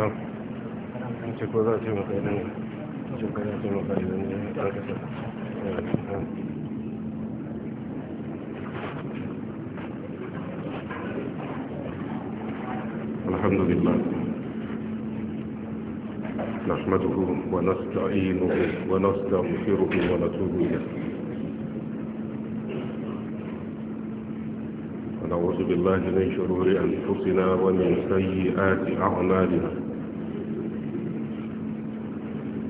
نعم ذات ذات نعم. الحمد لله نحمده ونستعينه ونستغفره ونتوب إليه ونعوذ بالله من شرور أنفسنا ومن سيئات أعمالنا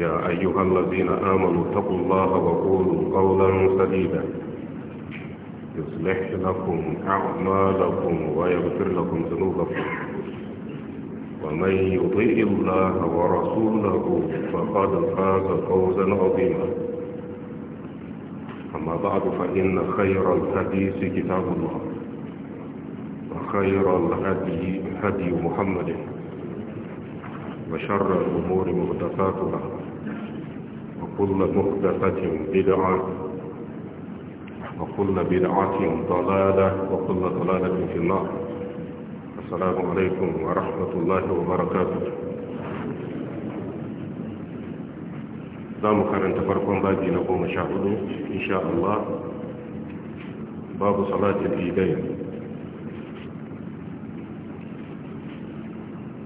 يا أيها الذين آمنوا اتقوا الله وقولوا قولا سديدا يصلح لكم أعمالكم ويغفر لكم ذنوبكم ومن يطيع الله ورسوله فقد فاز فوزا عظيما أما بعد فإن خير الحديث كتاب الله وخير الهدي هدي محمد وشر الأمور مهدفاتها وكل مخدقة بدعة وكل بدعة ضلالة وكل ضلالة في النار السلام عليكم ورحمة الله وبركاته دامو كان انتفركم باقي نقوم شاهدو إن شاء الله باب صلاة الإيدين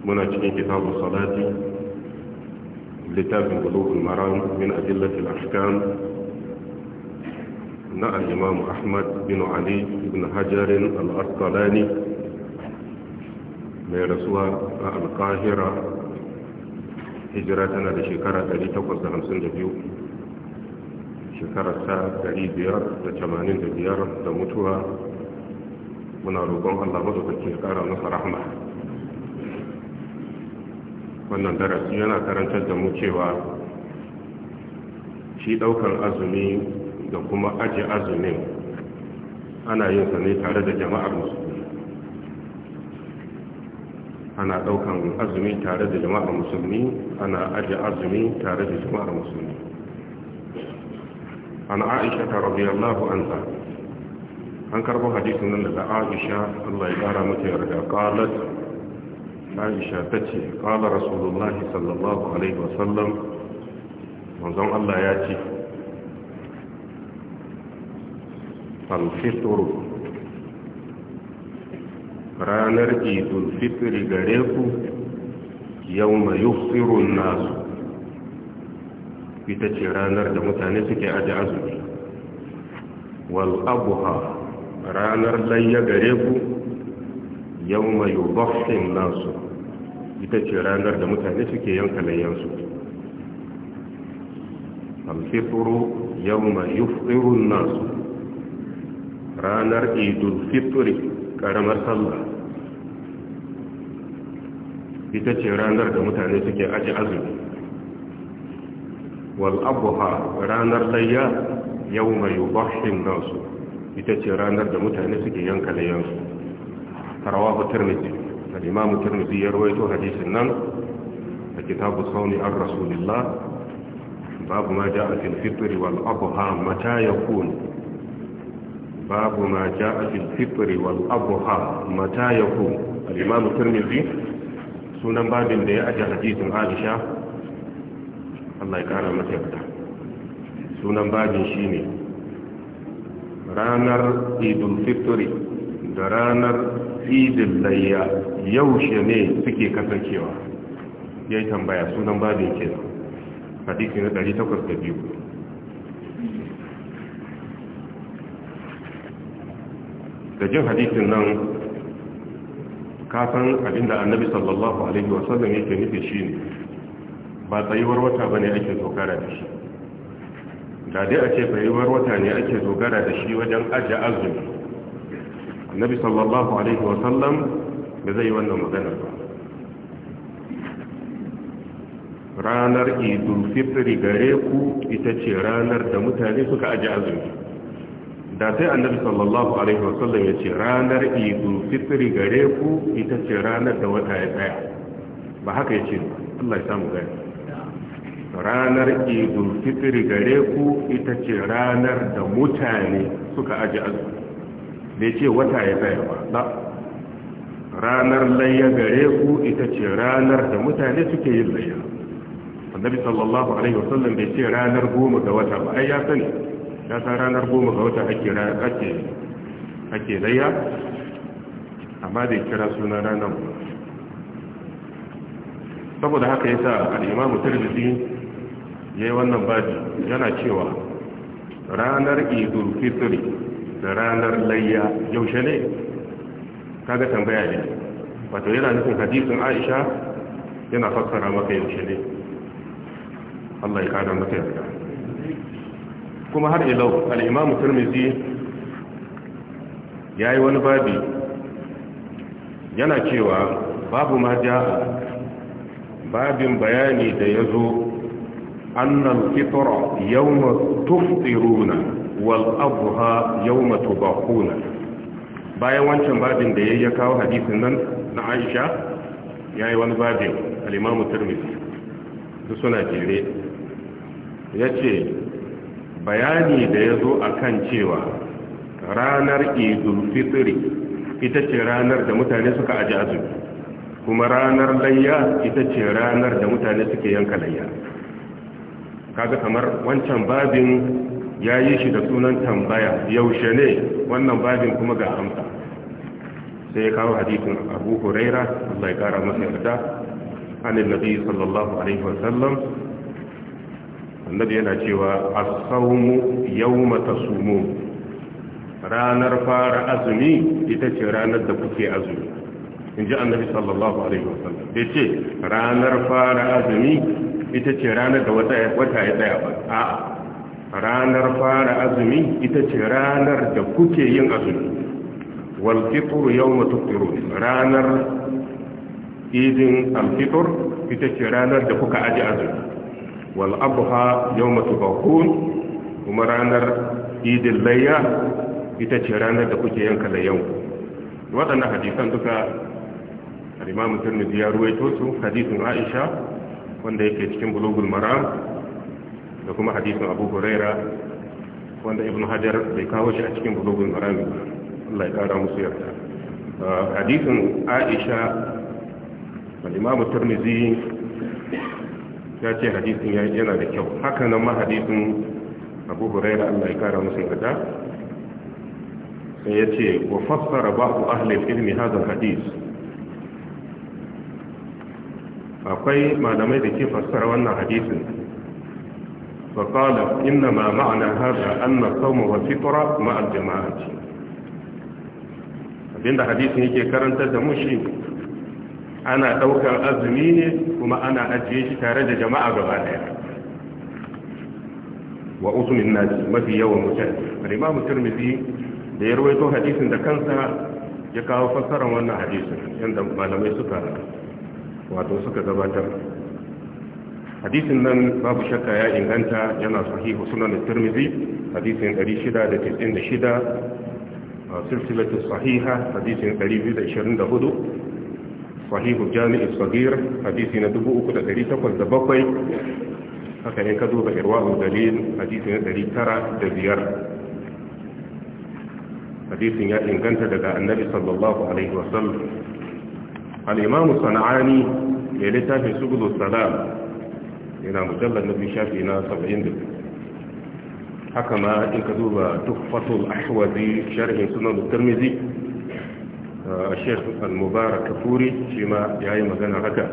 منا كتاب الصلاة littafin bulugul maram min ajillatil ahkam na al-imam ahmad bin ali ibn hajarin al-asqalani mai rasuwa a Alkahira. qahira hijira tana da shekara 852 shekarar ta 585 da mutuwa muna roƙon Allah maɗaukaki ya ƙara masa rahma wannan darasi yana karantar da mu cewa shi ɗaukar azumi da kuma aji azumin ana yin sa ne tare da jama'ar musulmi ana ɗaukan azumi tare da jama'ar musulmi ana aji azumi tare da jama'ar musulmi an aisha ta radiyallahu anha an karbo hadisin nan daga aisha Allah ya kara mata yarda qalat aisha ta ce kala rasulullahi sallallahu alaihi wasallam manzon Allah ya ce alfitru ranar idul fitri gare ku yau mai yufirun nasu ita ce ranar da mutane suke aji azumi wal abuha ranar layya gare ku yau mai yubafin nasu ita ce ranar da mutane suke yanka layyansu alfitru yawma yufṭirun nasu ranar idul fituri karamar sallah ita ce ranar da mutane suke aji azumi wal abha ranar layya yawma yubahhin nasu ita ce ranar da mutane suke yanka layyansu hutar tirmidhi al-imam tirmidhi ya rawaito hadisin nan a kitabu sauni an rasulillah babu ma ja'a fil fitr wal adha mata yakun babu ma ja'a fil fitr wal adha mata yakun al-imam tirmidhi sunan babin da ya aje hadisin Aisha Allah ya kara mata sunan shine ranar idul da ranar idul layya yaushe ne suke kasancewa ya yi tambaya sunan babin ke hadisi na 802 da jin hadisin nan kasan abinda annabi sallallahu alaihi wasallam yake nufi shi ne ba tsayuwar wata ba ne ake dogara da shi da dai a ce tsayuwar wata ne ake dogara da shi wajen ajiye azumi annabi sallallahu alaihi wasallam da zai wannan magana ba ranar idul fitri gare ku ita ce ranar da mutane suka aji azumi da sai annabi sallallahu alaihi wasallam ya ce ranar idul fitri gare ku ita ce ranar da wata ya tsaya ba haka ya ce Allah ya samu gani ranar idul fitri gare ku ita ce ranar da mutane suka aji azumi bai ce wata ya tsaya ba ranar layya gare ku ita ce ranar da mutane suke yin layya annabi sallallahu alaihi wasallam bai ce ranar goma ga wata ba ai ya sani ya san ranar goma ga wata ake ake ake layya amma bai kira suna ranar saboda haka yasa al-imam tirmidhi yayi wannan baji yana cewa ranar idul fitri da ranar layya yaushe ne kaga tambaya ne wato yana nufin hadisin aisha yana fassara maka yaushe ne Allah ya kada maka yarda kuma har ilau al'imamu turmizi ya yi wani babi yana cewa babu ma ja'a babin bayani da ya yazo annal fitra yawma tufṭiruna wal adha yawma tubahuna bayan wancan babin da yi ya kawo hadisin nan na aisha ya yi wani babin alimamu turmisi su suna jere ya ce bayani da ya zo a kan cewa ranar idul fitri ita ce ranar da mutane suka aji azumi kuma ranar layya ita ce ranar da mutane suke yanka layya kaga kamar wancan babin ya yi shi da sunan tambaya yaushe ne wannan babin kuma ga amsa sai ya kawo hadisin abu huraira Allah ya kara masa yarda an annabi sallallahu alaihi wasallam annabi yana cewa as-sawmu yawma tasumun ranar fara azumi ita ce ranar da kuke azumi in ji annabi sallallahu alaihi wasallam da ce ranar fara azumi ita ce ranar da wata ya tsaya ba a ranar fara azumi ita ce ranar da kuke yin azumi والفطر يوم تفطرون idin alfitur ita ce ranar da kuka aji azumi wal abha yawma kuma ranar idin layya ita ce ranar da kuke yanka layyan waɗannan hadisan duka al-imam tirmidhi ya ruwaito su hadisin Aisha wanda yake cikin bulugul maram da kuma hadisin Abu Huraira wanda Ibn Hajar bai kawo shi a cikin bulugul maram ba Allah ya kara musu yarda hadisin Aisha al-Imam Tirmidhi ya ce hadisin yana da kyau haka nan ma hadisin Abu Hurairah Allah ya kara musu yarda sai ya ce wa fassara ba'u ahli ilmi hadha hadis akwai malamai da ke fassara wannan hadisin فقال إنما معنى هذا أن الصوم والفطرة مع الجماعة abinda hadisin yake karantar da mu shi ana daukar azumi ne kuma ana ajiye shi tare da jama'a gaba daya wa uzumin nasi mafi yawan mutane al-imamu tirmidhi da ya rawaito hadisin da kansa ya kawo fassarar wannan hadisin yadda malamai suka wato suka gabatar hadisin nan babu shakka ya inganta yana sahihu sunan tirmidhi hadisin 696 سلسلة الصحيحة حديث قريب إذا 224 صحيح الجامع الصغير حديث ندبو أكد دريتا قد بقي حتى ينكدو بإرواء دليل حديث ندري ترى دزيار حديث يأتي كانت لدى النبي صلى الله عليه وسلم الإمام الصنعاني يلتا في سبل السلام إلى مجلد نبي شافينا 70 دقيقة haka ma in ka duba duk tuffatul ahwazi sharhin sunan tarmizi uh, shekh al-mubarak kafuri shi ma ya yi magana haka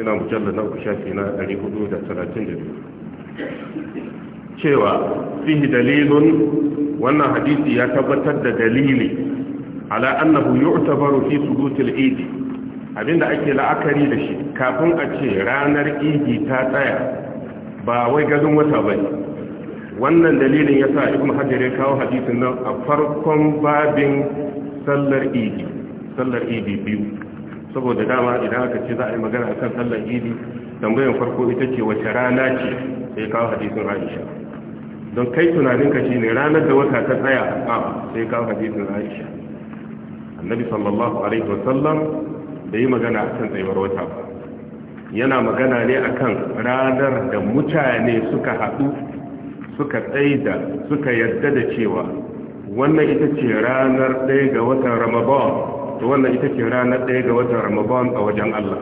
ina mujallar na uku shafi na 432 cewa fihi dalilun wannan hadisi ya tabbatar da dalili ala annahu yu'tabaru fi subutil idi abinda ake la'akari da shi kafin a ce ranar idi ta tsaya ba wai gazon wata bane wannan dalilin ya sa ibn hajar ya kawo hadisin nan a farkon babin sallar idi sallar idi biyu saboda dama idan aka ce za a yi magana a kan sallar idi tambayan farko ita ce wace rana ce sai kawo hadisin aisha don kai tunaninka shi ne ranar da wata ta tsaya a sai kawo hadisin aisha annabi sallallahu alaihi wasallam da yi magana a kan tsayuwar wata ba yana magana ne akan ranar da mutane suka haɗu suka tsaida suka yadda da cewa wannan ita ce ranar ɗaya ga watan ramadan to wannan ita ce ranar ɗaya ga watan ramadan a wajen Allah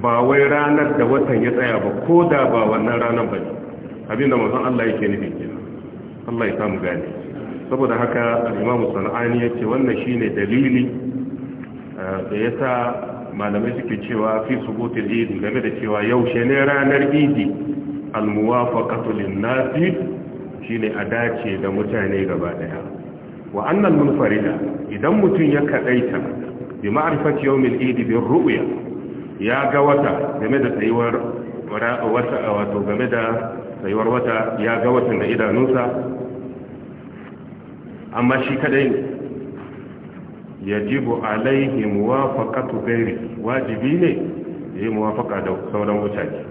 ba wai ranar da watan ya tsaya ba ko da ba wannan ranar ba ne abinda mazan Allah yake nufin kenan Allah ya samu gane saboda haka Alimamu imam ya ce wannan shi ne dalili eh, da sa malamai suke cewa fi su subutul idi game da cewa yau shi ne ranar idi almuwafaqatu lin shine a dace da mutane gaba daya wa annal munfarida idan mutun ya kadaita bi ma'rifati yawmil idi bir ru'ya ya ga wata game da tsayuwar wata wato game da tsayuwar wata ya ga watan da idanunsa amma shi kadai yajibu alaihi muwafaqatu ghairi wajibi ne yayi muwafaqa da sauran mutane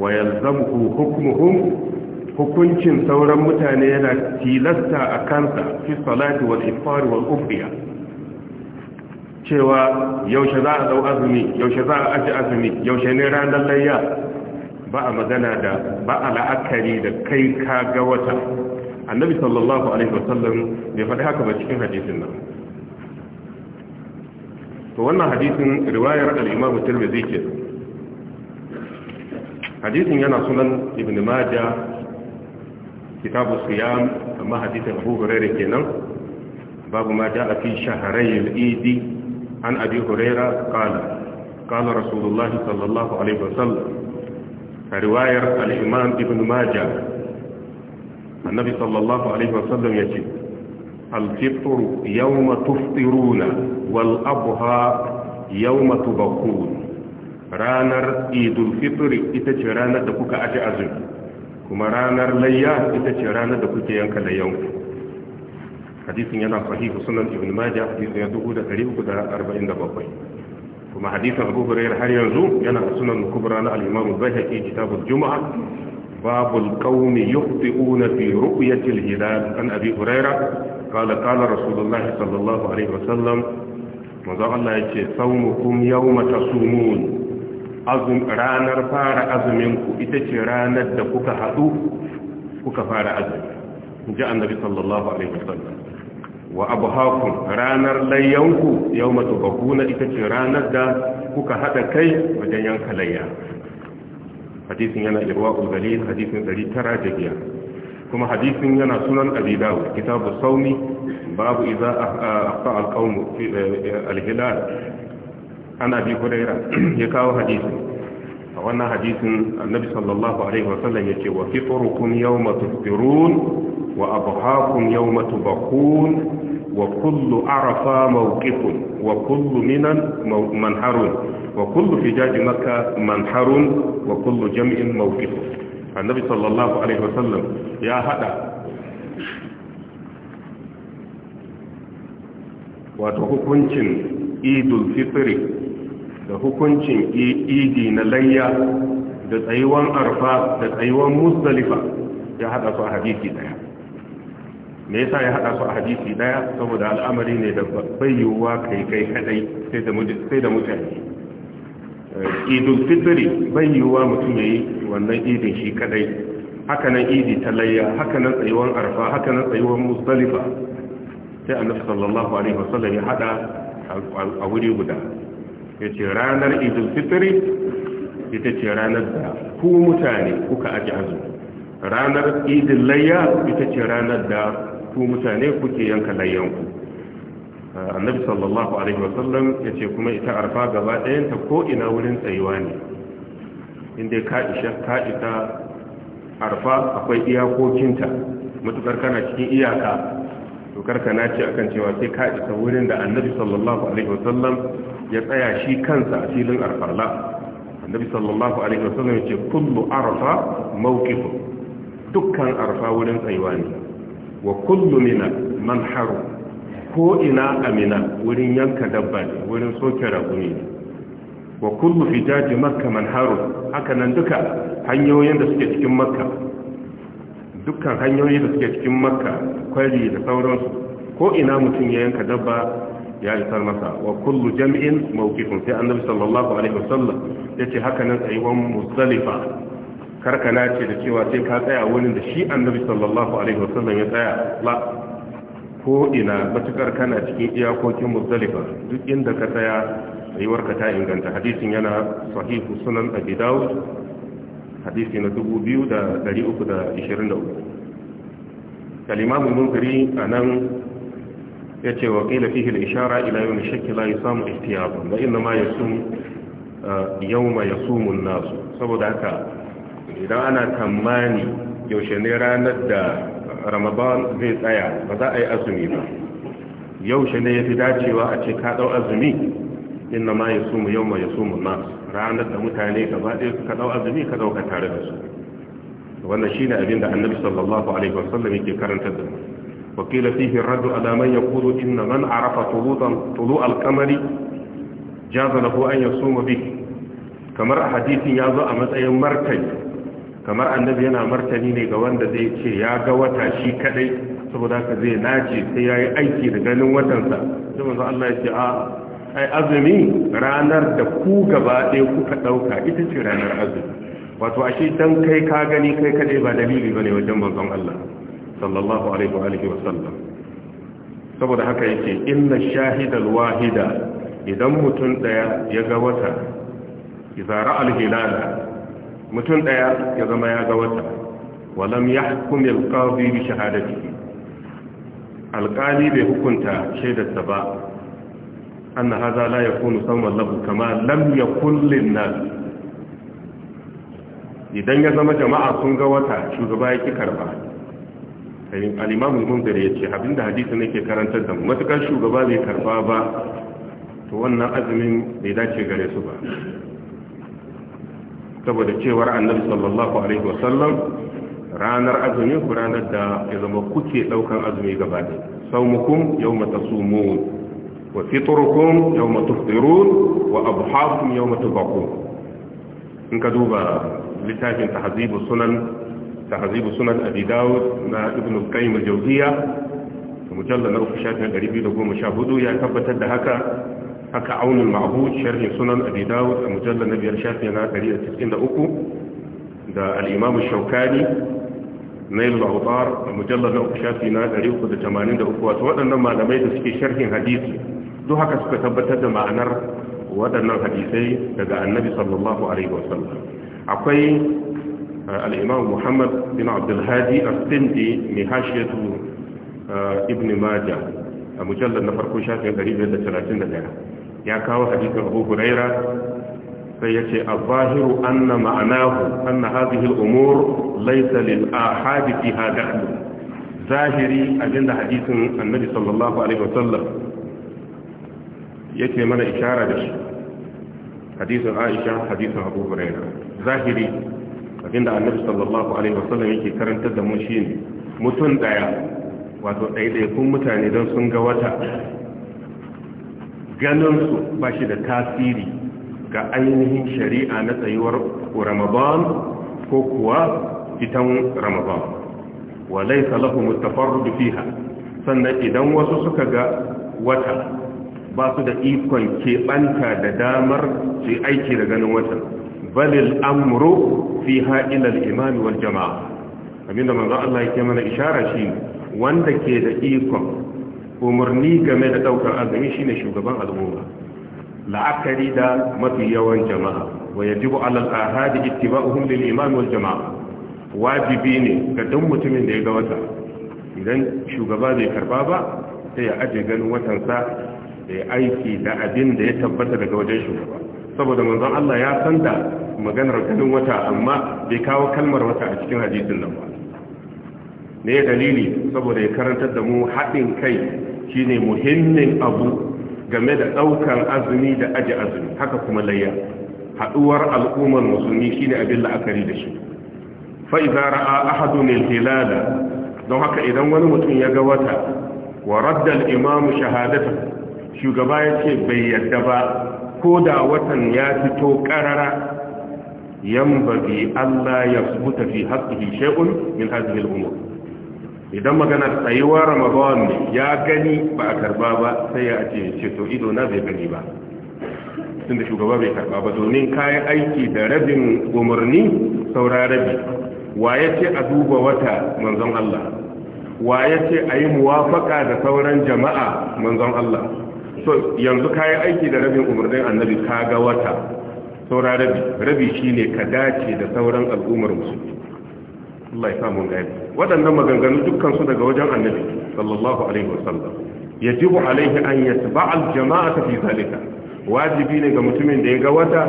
wa yalzamuhu hukmuhum hukuncin sauran mutane yana tilasta a kansa fi salati wal wal cewa yaushe za a dau azumi yaushe za a aji azumi yaushe ne ranar layya ba a magana da ba a la'akari da kai ka ga wata annabi sallallahu alaihi wasallam bai faɗi haka ba cikin hadisin nan to wannan hadisin riwayar al-imam tirmidhi ke hadisin yana sunan ibn majah kitabu siyam amma hadisin abu hurairah kenan babu ma jaa fi shahrayil eid an abi hurairah qala qala rasulullahi sallallahu alaihi wasallam riwayar al-imam ibn majah annabi sallallahu alaihi wasallam yace al-fitr yawma tufṭiruna wal abha yawma tubakun ranar idul fitri ita ce ranar da kuka aje azumi kuma ranar layya ita ce ranar da kuke yanka layyanku hadisin yana sahihu sunan ibn majah hadisi ya dubu da ɗari uku da arba'in da bakwai kuma hadisin abu hurairah har yanzu yana sunan kubra na al-imam bayhaqi kitabul juma'a باب القوم يخطئون في رؤية الهلال عن أبي هريرة قال قال رسول الله صلى الله عليه وسلم ماذا الله يتي صومكم يوم تصومون ranar fara azuminku ita ce ranar da kuka haɗu kuka fara azumi ji annabi sallallahu alaihi wasallam wa abu hakun ranar layyanku yawma na ita ce ranar da kuka haɗa kai wajen yanka layya hadisin yana irwaul galil hadisin 905 kuma hadisin yana sunan abi kitabu Sauni, babu idza afa alqawm fi eh, eh, alhilal ana bi kudaira ya kawo hadisi. a wannan hadisin annabi sallallahu alaihi wasallam ya ce wa fitrukum yawma tufirun wa abhaakum yawma tubakun wa kullu arafa mawqifun wa kullu minan manharun wa kullu fijaj makkah manharun wa kullu jam'in mawqifun annabi sallallahu alaihi wasallam ya hada wato hukuncin idul fitri da hukuncin idi na layya da tsayuwan arfa da tsayuwan musdalifa ya hada su a hadisi daya me yasa ya hada su a hadisi daya saboda al'amari ne da bayyuwa kai kai kadai sai da mutane eh, idul fitri bayyuwa mutum ya yi wannan idin shi kadai Hakanan idi ta layya hakanan tsayuwan arfa hakanan tsayuwan musdalifa sai annabi sallallahu alaihi wasallam ya hada a wuri guda ya ce ranar idul fitri ita ce ranar da ku mutane kuka aji azu ranar idul layya ita ce ranar da ku mutane kuke yanka layyanku annabi sallallahu alaihi wasallam ya ce kuma ita arfa gaba ɗayanta ko ina wurin tsayuwa ne inda ka isha ka ita arfa akwai iyakokinta matukar kana cikin iyaka karka ce akan cewa sai ka isa wurin da annabi sallallahu alaihi wasallam ya tsaya shi kansa a filin arfarla annabi sallallahu alaihi wasallam ya ce kullu arfa mawqifu dukkan arfa wurin tsayuwa ne wa kullu mina manharu ko ina amina wurin yanka dabba ne wurin soke raguni ne wa kullu fijaji makka manharu haka nan duka hanyoyin da suke cikin makka dukkan hanyoyi da suke cikin makka kwari da sauransu ko ina mutum ya yanka dabba ya isar masa wa kullu jami'in mawqifun sai annabi sallallahu alaihi wasallam yace haka nan tsayuwan muzdalifa karkana ce da cewa sai ka tsaya wurin da shi annabi sallallahu alaihi wasallam ya tsaya la ko ina matukar kana cikin iyakokin muzdalifa duk inda ka tsaya tsayuwar ka ta inganta hadisin yana sahihu sunan abi dawud hadisi na 2323 kalimamun munkari a nan ya ce wa ƙila fihil ishara ila yau shakki la ya samu ihtiyaba da inda ma ya sun yau ma ya sumun nasu saboda haka idan ana tamani yaushe ne ranar da ramadan zai tsaya ba za a yi azumi ba yaushe ne ya fi dacewa a ce ka ɗau azumi inna ma ya sumu yau ma ya sumu na ranar da mutane gaba ɗaya ka ɗau azumi ka ɗauka tare da su wannan shine abin da annabi sallallahu alaihi wasallam yake karantar da mu wakila fihi raddu ala man yaqulu inna man arafa tulu'an tulu' al-qamari jaza lahu an yasuma bi kamar hadisin ya zo a matsayin martani kamar annabi yana martani ne ga wanda zai ce ya ga wata shi kadai saboda haka zai nace sai yayi aiki da ganin watansa sai manzo Allah ya ce a ai azumi ranar da ku gaba ɗaya kuka ɗauka ita ce ranar azumi wato ashe dan kai ka gani kai kaɗai ba dalili ba ne wajen manzon Allah sallallahu alaihi wa alihi wasallam saboda haka yake inna shahidal wahida idan mutum daya ya ga wata izara ra'al hilala mutum daya ya zama ya ga wata walam yahkum al-qadi bi shahadatihi alqali bi hukunta shaidarsa ba anna hadha la yakunu sawman lahu kama lam yakun lin idan ya zama jama'a sun ga wata shugaba ya ki karba sai al ya ce abinda hadisi nake karantar da mu matukar shugaba bai karba ba to wannan azumin bai dace gare su ba saboda cewar annabi sallallahu alaihi wasallam ranar azumi ku ranar da ya zama kuke daukan azumi gaba da saumukum mata sumo. وفطركم يوم تفطرون وأضحاكم يوم تضحون إن كذوب لتاج تحذيب السنن تحذيب السنن أبي داود ما ابن القيم الجوزية مجلد نوف شاتنا قريبي لقوم مشاهدو يا ثبت هكا هكا عون المعبود شرح سنن أبي داود مجلد نبي شاتنا قريبا تسئين أكو دا الإمام الشوكاني نيل الأوطار مجلد نوف شاتنا قريبا تسئين أكو وأتوانا نما لميت سكي شرح حديثي duk haka suka tabbatar da ma'anar waɗannan hadisai daga annabi sallallahu alaihi wasallam akwai uh, al muhammad bin abdulhadi hadi as mai hashiyatu uh, ibn maja a mujallar na farko shafin 531 ya kawo hadisin abu huraira sai ya ce a zahiru anna ma'anahu anna hadhihi al-umur laysa lil ahadi fiha zahiri abinda hadisin annabi sallallahu alaihi wasallam yake mana ishara da shi hadisin aisha hadisin abu huraira zahiri abinda annabi sallallahu alaihi wasallam yake karantar da mu shine mutum daya wato ɗaiɗaikun mutane don sun ga wata ganinsu ba shi da tasiri ga ainihin shari'a na tsayuwar ramadan ko kuwa fitan ramadan walai salahu mutafarrudu fiha sannan idan wasu suka ga wata ba su da ikon keɓanta da damar su aiki da ganin watan balil amru fi ha'ilal imami wal jama'a abinda manzo Allah yake mana ishara shi wanda ke da ikon umarni game da daukar azumi shine shugaban al'umma la'akari da mafi yawan jama'a wa yajibu alal ahadi ittiba'uhum lil imam wal jama'a wajibi ne ga duk mutumin da ya ga wata idan shugaba bai karba ba sai ya aje ganin watansa da ya aiki da abin da ya tabbata daga wajen shugaba saboda manzon Allah ya san da maganar ganin wata amma bai kawo kalmar wata a cikin hadisin nan ba ne dalili saboda ya karantar da mu haɗin kai shine muhimmin abu game da ɗaukar azumi da aji azumi haka kuma layya haɗuwar al'ummar musulmi shine abin la'akari da shi fa idza ra'a ahadun al-hilala don haka idan wani mutum ya ga wata wa radda al-imam shahadatahu shugaba ya ce bai yadda ba ko da watan ya fito karara bagi Allah ya subuta fi haƙƙi shay'un min hadhihi al-umur idan magana tsayuwa ramadan ne ya gani ba a karba ba sai ya ce ce to ido na bai gani ba tunda shugaba bai karba ba domin kayi aiki da rabin umarni saura rabi wa yace a duba wata manzon Allah wa yace a yi muwafaka da sauran jama'a manzon Allah so yanzu kayan aiki da rabin umarnin annabi ka ga wata saura rabi rabi shi ne ka dace da sauran al'ummar musulmi Allah ya sa mun gani waɗannan maganganu dukkan su daga wajen annabi sallallahu alaihi wasallam yajibu alaihi an yatba'a al-jama'ata fi zalika wajibi ne ga mutumin da ya ga wata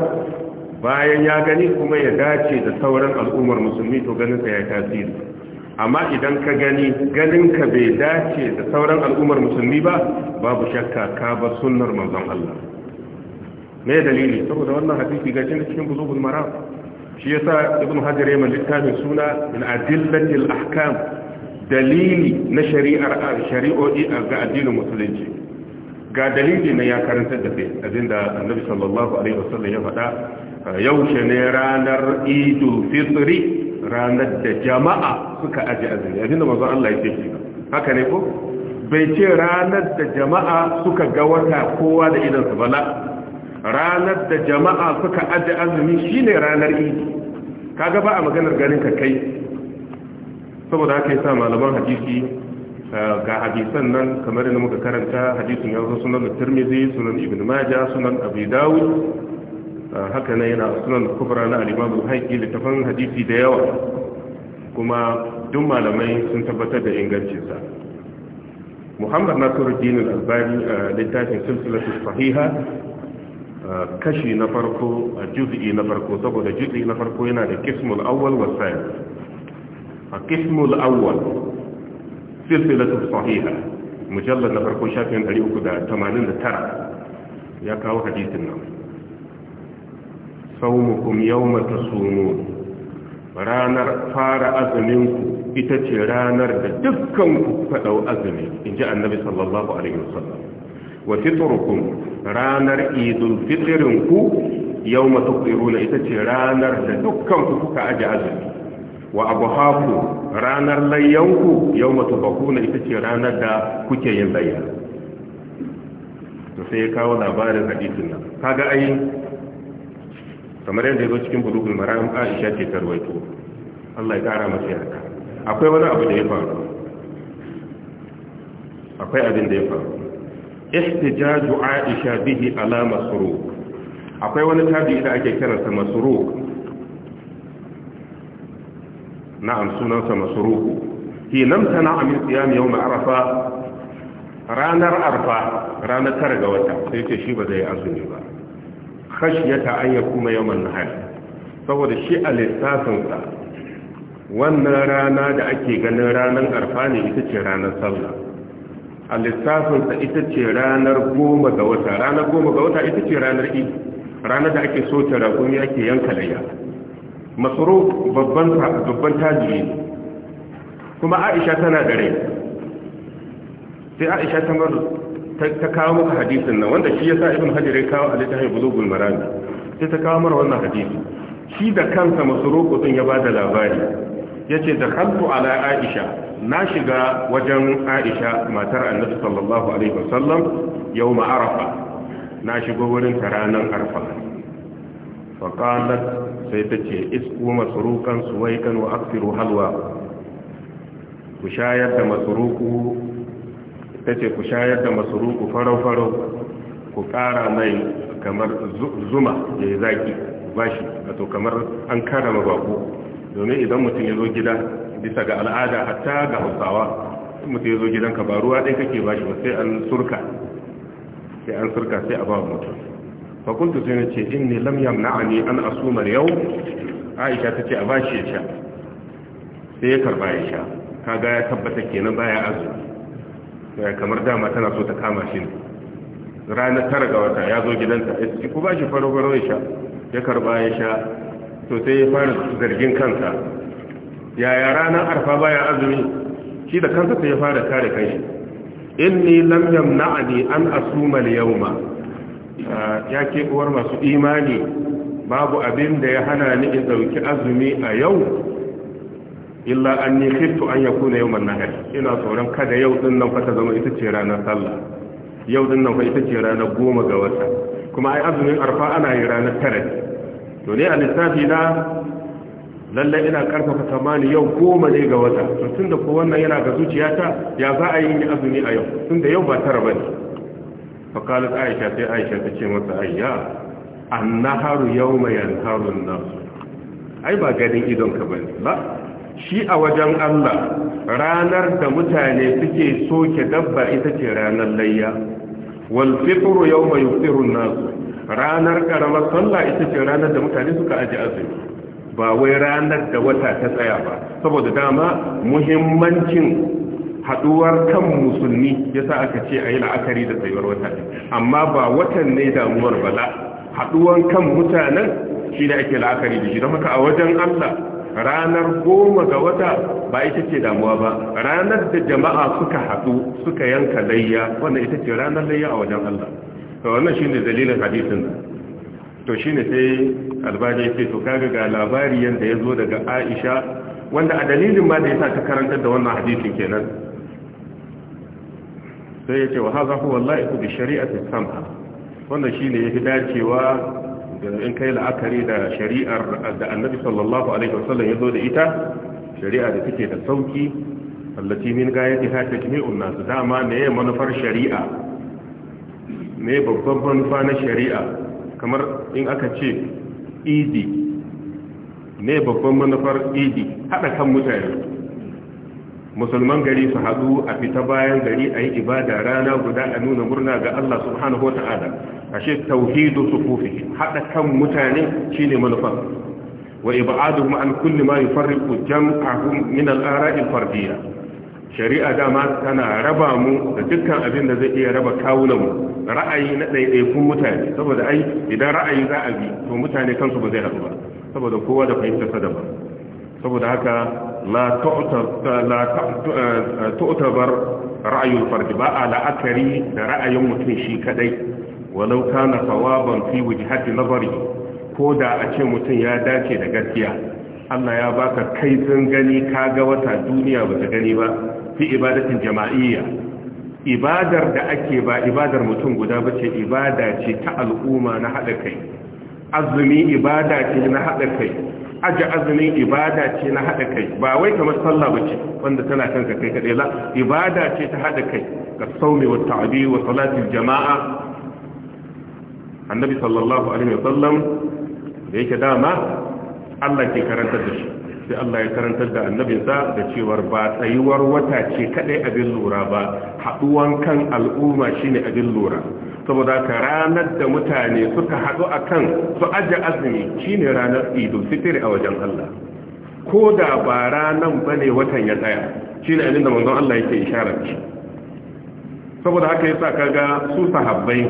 bayan ya gani kuma ya dace da sauran al'ummar musulmi to ganin sa ya tasiri amma idan ka gani ganin ka bai dace da sauran al'ummar musulmi ba babu shakka ka bar sunnar manzon Allah me dalili saboda wannan hadisi ga cikin buzugul maram shi yasa ibn hajar ya littafin suna min adillati al-ahkam dalili na shari'ar shari'o'i ga addinin musulunci ga dalili na ya karanta da kai abinda annabi sallallahu alaihi wasallam ya faɗa yau ne ranar idul fitri ranar da jama'a suka aji azumi a abinda manzon Allah yake ce haka ne ko bai ce ranar da jama'a suka ga wata kowa da idan ba bala ranar da jama'a suka aje azumi shine ranar idi kaga ba a maganar ganin ka kai saboda haka yasa malaman hadisi eh, ga hadisan nan kamar yadda muka karanta hadisin yanzu sunan Tirmidhi sunan Ibn Majah sunan Abi Dawud haka nan yana sunan kubra na alimamu haiki littafin hadisi da yawa kuma duk malamai sun tabbatar da ingancinsa muhammad nasiruddin al-albani a littafin silsilatu sahiha kashi na farko a juz'i na farko saboda juz'i na farko yana da kismul awwal wa sayyid a kismul awwal silsilatu sahiha mujallar na farko shafin 389 ya kawo hadisin nan saumukum yawma suno, ranar fara azuminku ita ce ranar da dukkan ku faɗau azumi inji annabi sallallahu alaihi wasallam wa fitrukum ranar idul fitrinku yawma tuqiruna ita ce ranar da dukkan ku kuka aje azumi wa abuhaku ranar layyanku yawma bakuna ita ce ranar da kuke yin layya to sai ya kawo labarin hadisin nan kaga ai kamar yadda zo cikin bulugul maram Aisha ce tarwaito Allah ya kara masu yarka akwai wani abu da ya faru akwai abin da ya faru ihtijaju Aisha bihi ala masruq akwai wani tabi da ake kiransa masruq na'am sunansa masruq hi lam tana'a min qiyam yawm arafa ranar arfa ranar tara ga wata sai ce shi ba zai azumi ba khashyata an yakuma yawman nahar saboda shi a lissafinsa wannan rana da ake ganin ranar arfa ne ita ce ranar sallah a lissafinsa ita ce ranar goma ga wata ranar goma ga wata ita ce ranar i ranar da ake so ta ragumi ke yanka laya masoro babban tajiri ne kuma aisha tana da rai sai aisha ta mar ta kawo maka hadisin nan wanda shi sa ibn hajar ya kawo a littafin bulugul marami sai ta kawo mana wannan hadisi shi da kansa masruq din ya bada labari yace da khaltu ala aisha na shiga wajen aisha matar annabi sallallahu alaihi wasallam yawm arafa na shigo wurin ta ranar arfa fa qalat sai tace isku masruqan suwaikan wa akthiru halwa ku shayar da masruqu ta ce ku shayar da masuruku farau-farau ku ƙara mai kamar zuma ya yi zaki bashi to kamar an karama bako domin idan mutum ya zo gida bisa ga al'ada hatta ga hausawa mutum ya zo gidan ba ruwa ɗai kake bashi ba sai an surka sai an surka sai a ba mutum fakuntu sai na ce in ne lam na'ani an asumar yau aisha ta ce a bashi ya sha sai ya karba ya sha kaga ya tabbata kenan baya azumi Eh, kamar dama tana so ta kama shi ne ranar tara ga wata ya zo gidanta ya ci ba shi faro-faro ya sha ya karba ya sha to sai ya fara zargin kansa yaya ranar arfa baya azumi shi da kansa sai ya fara kare kai inni lam yamna'ani an asuma al-yawma ah, ya ke uwar masu imani babu abin da ya hana ni in dauki azumi a yau illa an yi khiftu an yau yawman nahar ina tsoron kada yau din nan fata zama ita ce ranar sallah yau din nan fa ita ce ranar goma ga wata kuma ai azumin arfa ana yi ranar tara to ne a lissafi na lalle ina karfafa tamani yau goma ne ga wata to tun da ko wannan yana ga zuciyata ya za a yi azumi a yau tun da yau ba tara ba fa qalat aisha sai aisha ta ce masa ayya annaharu yawma yanharu an-nas ai ba gadin idon ka bane ba shi a wajen Allah ranar da mutane suke soke dabba ita ce ranar layya wal fitru yawma yufiru nas ranar karamar sallah ita ce ranar da mutane suka ajiye azumi ba wai ranar da wata ta tsaya ba saboda dama muhimmancin haduwar kan musulmi yasa aka ce ayi la'akari da tsayuwar wata amma ba watan ne damuwar bala haduwar kan mutanen shi da ake la'akari da shi don haka a wajen Allah ranar goma ga wata ba ita ce damuwa ba ranar da jama'a suka haɗu suka yanka layya wannan ita ce ranar layya a wajen Allah to wannan shine dalilin hadisin to shine sai albani yake to kaga ga labari yanda yazo daga Aisha wanda a dalilin ma da yasa ta karantar da wannan hadisin kenan sai yace wa hadha huwa al-la'iq bi shari'ati samha wannan shine yafi dacewa yanzu in kai la'akari da shari'ar da annabi sallallahu alaihi wasallam ya zo da ita shari'a da take da sauki allati min gayati ha tajmi'un nas dama ne manufar shari'a ne babban manufa na shari'a kamar in aka ce idi ne babban manufar idi hada kan mutane musulman gari su haɗu a fita bayan gari a yi ibada rana guda a nuna murna ga Allah subhanahu wa ta'ala ashe tauhidu sufufi haɗa kan mutane shine manufar wa 'ibadu an kulli ma yufarriqu jam'ahum min al-ara'i shari'a dama tana raba mu da dukkan abin da zai iya raba kawunan mu ra'ayi na ɗaiɗaikun mutane saboda ai idan ra'ayi za a bi to mutane kansu ba zai haɗu ba saboda kowa da fahimtar sa daban saboda haka la tu'tabar ra'ayul fardi ba a la'akari da ra'ayin mutum shi kadai walau kana sawaban fi wajhati nazari ko da a ce mutum ya dace da gaskiya Allah ya baka kai sun gani kaga wata duniya ba ta gani ba fi ibadatin jama'iyya ibadar da ake ba ibadar mutum guda bace ibada ce ta al'umma na haɗa kai azumi ibada ce na haɗa kai aji azumin ibada ce na haɗa kai ba wai kamar sallah ba ce wanda tana kanka kai kaɗai la ibada ce ta haɗa kai ka saumi wa ta'abi wa salatin jama'a annabi sallallahu alaihi wa sallam da yake dama Allah ke karantar da shi sai Allah ya karantar da annabinsa da cewar ba tsayuwar wata ce kadai abin lura ba haduwan kan al'umma shine abin lura saboda ka ranar da mutane suka hadu kan su aje azumi shine ranar ido fitiri a wajen Allah ko da ba ranan bane watan ya tsaya shine abin da manzon Allah yake isharar shi saboda haka yasa kaga su sahabbai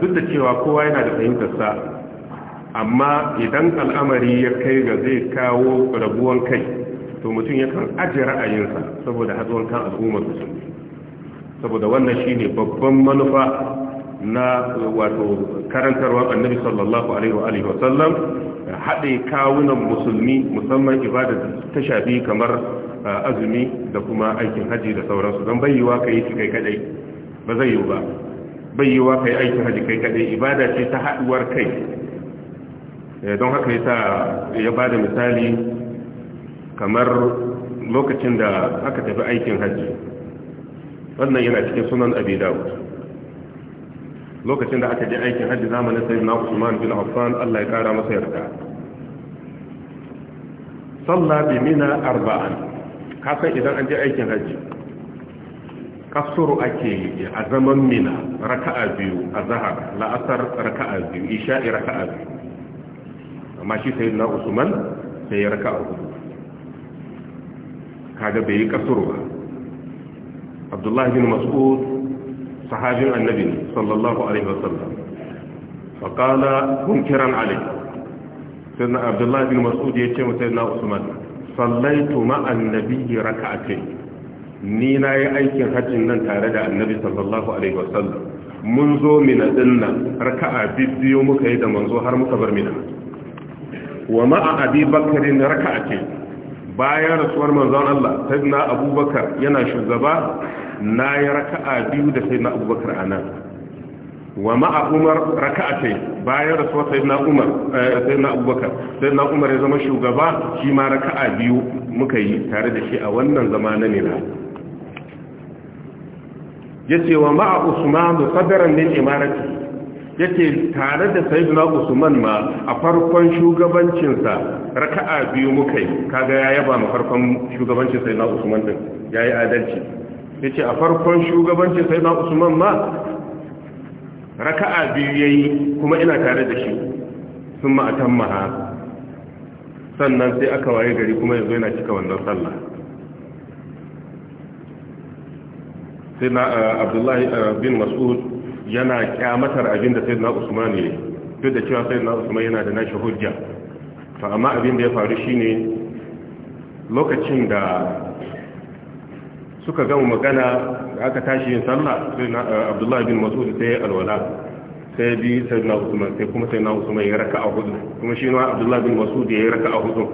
duk da cewa kowa yana da fahimtar sa amma idan al'amari ya kai ga zai kawo rabuwan kai to mutum ya kan ajiye ra'ayinsa saboda hatsuwan kan al'ummar musulmi saboda wannan shi ne babban manufa na wato karantarwar annabi sallallahu alaihi wasallam haɗe kawunan musulmi musamman ibada ta shafi kamar azumi da kuma aikin haji da sauransu don bayyawa ka yi shi kai kadai ba zai yi ba bayyawa ka yi aikin haji kai kadai ibada ce ta haɗuwar kai Eh, don haka yasa ya ba da misali kamar lokacin da aka tafi aikin hajji wannan yana cikin sunan abi dawud lokacin da aka je aikin hajji zamanin sayyidina usman bin affan Allah ya kara masa yarda salla bi mina arba'an kasan idan an je aikin hajji kasuru ake a zaman mina raka'a biyu a zahar la'asar raka'a biyu isha'i raka'a biyu amma shi sayyidina usman sai ya raka'a hudu kaga bai yi kasuru ba abdullahi bin mas'ud sahabin annabi sallallahu alaihi wasallam fa qala munkiran alaihi sayyidina abdullahi bin mas'ud ya ce sayyidina usman sallaitu ma'an nabiyyi raka'atayn ni na yi aikin hajjin nan tare da annabi sallallahu alaihi wasallam mun zo mina dinna raka'a biyu muka yi da manzo har muka bar mina wa ma'a abi bakarin ake bayan rasuwar manzon Allah na abubakar yana shugaba na ya raka'a biyu da sai na abubakar a nan. wa ma'a umar ake bayan rasuwar na umar eh, sai na abubakar sai na umar ya zama shugaba shi ma raka'a biyu muka yi tare da shi a wannan zama na Ya ce wa ma'a usman qadaran min imarati yake tare da sayyidina usman ma a farkon shugabancinsa raka'a biyu muka yi kaga ya yaba ma farkon shugabancin sayyidina usman din yayi adalci yace a farkon shugabancin sayyidina usman ma raka'a biyu yayi kuma ina tare da shi sun ma'atammaha sannan sai aka waye gari kuma yanzu yana cika wannan sallah sai na eh, abdullahi eh, bin mas'ud yana kyamatar abin da na usman ne duk da cewa na usman yana da nashi hujja to amma abin da ya faru shine lokacin da suka gama magana da aka tashi yin sallah na eh, abdullahi bin mas'ud sai alwala sai bi na usman sai kuma na usman ya raka a hudu kuma shi ma abdullahi bin mas'ud ya raka a hudu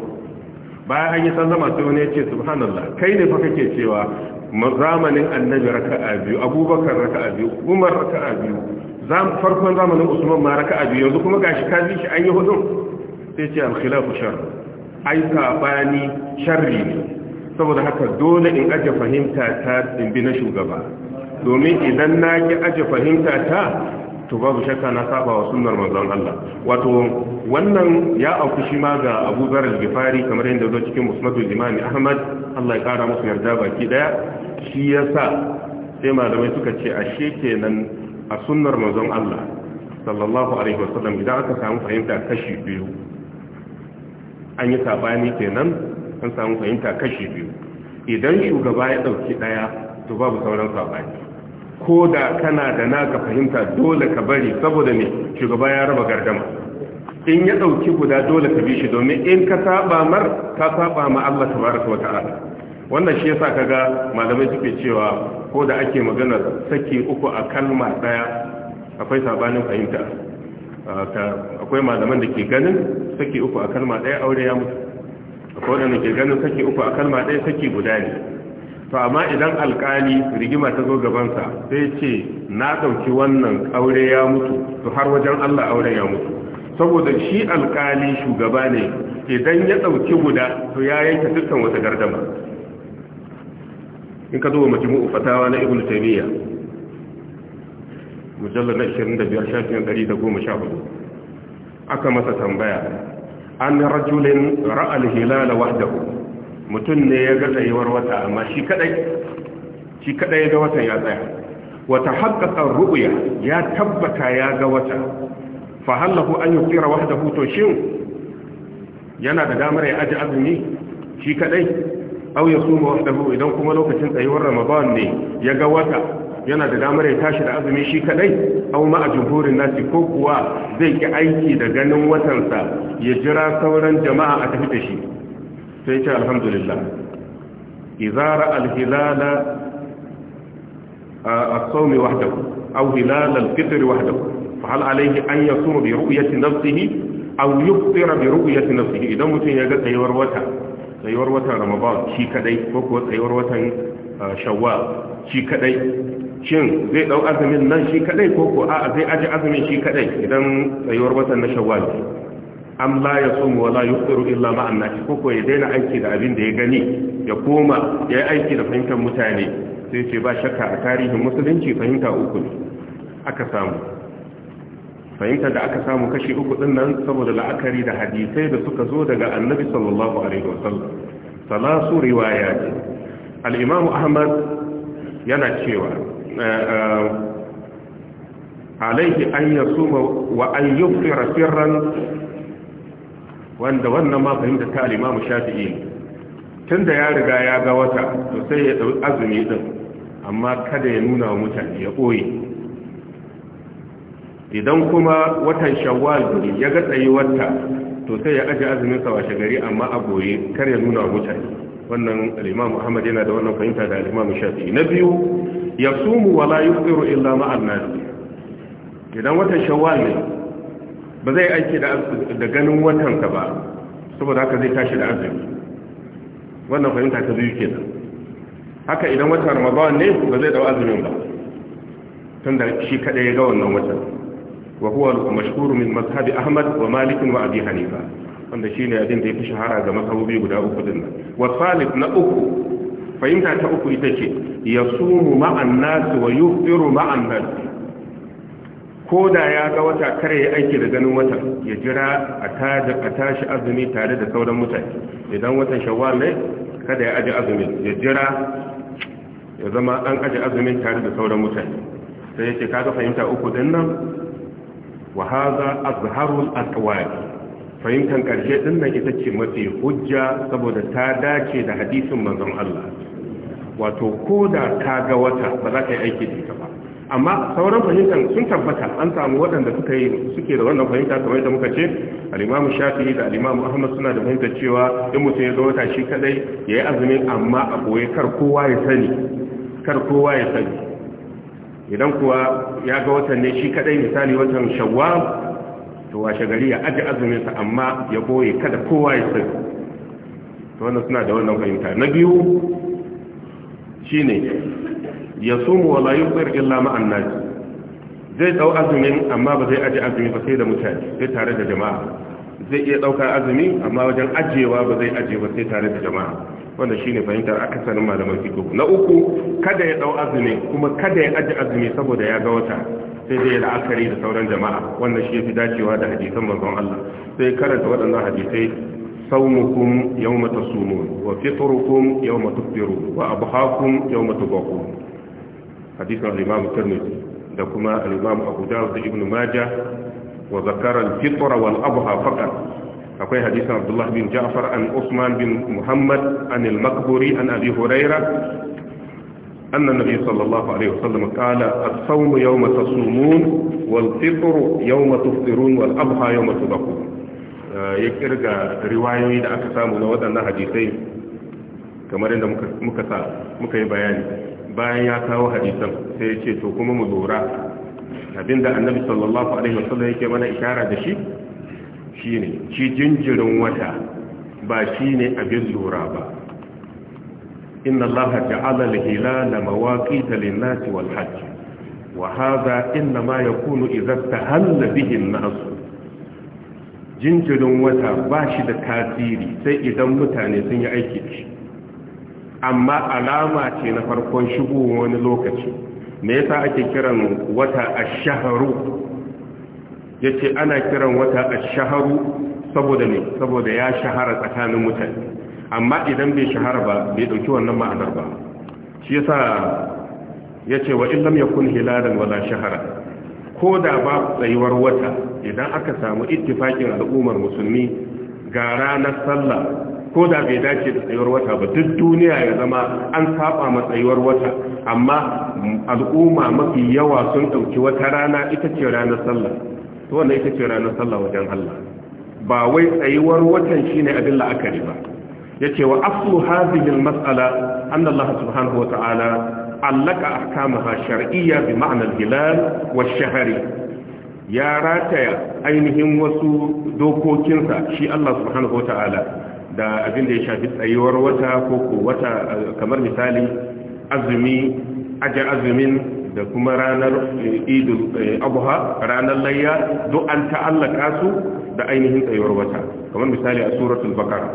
bayan an yi sallama sai wani ya ce subhanallah kai ne fa kake cewa zamanin annabi raka a biyu abubakar raka a biyu umar raka a biyu farkon zamanin usman ma raka a biyu yanzu kuma gashi ka bi shi an yi hudun sai ce alkhilafu shar ai sabani sharri ne saboda haka dole in aje fahimta ta in bi na shugaba domin idan na ki aje fahimta ta to babu shakka na saba wa sunnar manzon Allah wato wannan ya auku shi ma ga Abu Zar al-Ghifari kamar yadda zo cikin Musnadul Imam Ahmad Allah ya kara musu yarda baki daya shi yasa sai malamai suka ce ashe kenan a sunnar manzon Allah sallallahu alaihi wasallam idan aka samu fahimta kashi biyu an yi sabani kenan an samu fahimta kashi biyu idan shugaba ya dauki daya to babu sauran sabani ko da kana da naka fahimta dole ka bari saboda ne shugaba ya raba gardama in ya dauki guda dole ka bi shi domin in ka saba mar ka saba ma Allah tabaraka wata'ala wannan shi yasa kaga malamai suke cewa ko da ake magana saki uku a kalma daya akwai sabanin fahimta akwai malaman da ke ganin saki uku a kalma daya aure ya mutu akwai wanda ke ganin saki uku a kalma daya saki guda ne to amma idan alkali rigima ta zo gabansa sai ce na ɗauki wannan aure ya mutu to har wajen Allah aure ya mutu saboda shi alkali shugaba ne idan ya ɗauki guda to ya yanke dukkan wata gardama in ka zo wa majmu'u fatawa na ibnu taymiya mujallal na 25 shafin 114 aka masa tambaya an rajulin ra'al hilala wahdahu mutum ne ya ga tsayuwar wata amma shi kadai shi kadai ga watan ya tsaya wata haƙaƙa ru'uya ya tabbata ya ga wata fa hallahu an yuqira wata to shin yana da damar ya aji azumi shi kadai suma wata wahdahu idan kuma lokacin tsayuwar ramadan ne ya ga wata yana da damar ya tashi da azumi shi kadai au ma ajhurin nasi ko kuwa zai ki aiki da ganin watansa ya jira sauran jama'a a tafi da shi sai ce alhamdulillah izara alhilala as-sawmi wahdahu aw hilal al-fitr wahdahu fa hal alayhi an yasum bi ru'yati nafsihi aw yuftira bi ru'yati nafsihi idan mutum ya ga tsayuwar wata tsayuwar watan ramadan shi kadai ko kuwa tsayuwar watan shawwal shi kadai shin zai dau azumin nan shi kadai ko ko a'a zai aji azumin shi kadai idan tsayuwar watan na shawwal am la yasum wala la yuqiru illa ma'an annaki koko ya daina aiki da abin da ya gani ya koma ya yi aiki da fahimtar mutane sai ce ba shakka a tarihin musulunci fahimta uku ne aka samu fahimtar da aka samu kashi uku din nan saboda la'akari da hadisai da suka zo daga annabi sallallahu alaihi wasallam salasu riwayat al-imam ahmad yana cewa eh, eh, alaihi an yasuma wa an yufira sirran wanda wannan ma fahimta ta alimamu shafi'i tun da ya riga ya ga wata to sai ya ɗau azumi ɗin amma kada ya nuna wa mutane ya ɓoye idan kuma watan shawwal guri ya ga wata to sai ya aje azumin sa washe gari amma a goye kar ya nuna wa mutane wannan alimamu Muhammad yana da wannan fahimta da alimamu shafi'i na biyu ya sumu wala yusiru illa ma'an idan watan shawwal ne ba zai aiki da ganin watan ka ba saboda haka zai tashi da azumi wannan fahimta ta biyu ke nan. haka idan watan ramadan ne ba zai dau azumin ba tunda shi kaɗai ya ga wannan watan wa huwa al-mashhur min mazhabi ahmad wa malik wa abi hanifa wanda shine abin da yafi shahara ga mazhabobi guda uku din nan wa salif na uku fahimta ta uku ita ce yasumu ma'an nas wa yufiru ma'an nas ko da ya ga wata kare ya aiki da ganin wata ya jira a tashi azumi tare da sauran mutane idan watan shawwal ne kada ya aji azumin ya jira ya zama an aji azumin tare da sauran mutane sai yake kaga fahimta uku din nan wa hadha azharul aqwal fahimtan karshe din nan ita ce mafi hujja saboda ta dace da hadisin manzon Allah wato koda ka ga wata ba za ka yi aiki da ita amma sauran fahimtar sun tabbata an samu waɗanda suka yi suke da wannan fahimta kamar yadda muka ce alimamu shafi da alimamu Ahmad suna da fahimtar cewa in mutum ya zo wata shi kadai yi azumi amma a boye kar kowa ya sani kar kowa ya sani idan kuwa ya ga watan ne shi kadai misali watan Shawwal to washe gari ya aje azumin sa amma ya boye kada kowa ya sani to wannan suna da wannan fahimta na biyu shine yasumu wala yufṭir illa ma'an annaji zai dau azumin amma ba zai aje azumi ba sai da mutane sai tare da jama'a zai iya dauka azumi amma wajen ajewa ba zai aje ba sai tare da jama'a wanda shine fahimtar akasarin malaman fiqh na uku kada ya dau azumi kuma kada ya aje azumi saboda ya ga wata sai zai la'akari da sauran jama'a wannan shi yafi dacewa da hadisan manzon Allah sai karanta waɗannan hadisai saumukum yawma tasumun wa fitrukum yawma tufiru wa abhaakum yawma tubaqun hadisin al-imam da kuma al-imam abu da ibn majah wa zakara al wal akwai hadisin abdullahi bin ja'far an usman bin muhammad an al-maqburi an abi hurairah أن النبي صلى الله عليه وسلم قال الصوم abu ha yau يوم baku ya kirga riwayoyi da aka samu na ونودنا hadisai kamar رأينا muka yi bayani. bayan ya kawo hadisan sai ya ce to kuma mu lura abinda annabi sallallahu alaihi wasallam yake mana ishara da shi shine shi jinjirin wata ba shine abin lura ba inna allaha ja'ala al-hilala mawaqita lin-nasi wal-hajj wa hadha inma yakunu idha tahalla bihi an-nas jinjirin wata ba shi da tasiri sai idan mutane sun yi aiki da shi amma alama ce na farkon shigo wani lokaci me yasa ake kiran wata ash-shahru yace ana kiran wata ash-shahru saboda ne saboda ya shahara tsakanin mutane amma idan bai shahara ba bai dauki wannan ma'anar ba shi yasa yace wa illam yakun hilalan wala shahara ko da ba tsayuwar wata idan aka samu ittifakin al'ummar musulmi ga ranar sallah ko da bai dace da tsayuwar wata ba duk duniya ya zama an saba ma tsayuwar wata amma al'umma mafi yawa sun ɗauki wata rana ita ce ranar sallah to wannan ita ce ranar sallah wajen Allah ba wai tsayuwar watan shine abin la'akari ba yace wa aslu hadhihi al-mas'ala anna Allah subhanahu wa ta'ala allaka ahkamaha shar'iyya bi ma'na al-hilal ya rataya ainihin wasu dokokinsa shi Allah subhanahu ta'ala. da abin da ya shafi tsayuwar wata ko wata kamar misali azumi aje azumin da kuma ranar eh, idul eh, ranar layya duk an ta'allaka su da ainihin tsayuwar wata kamar misali a suratul bakara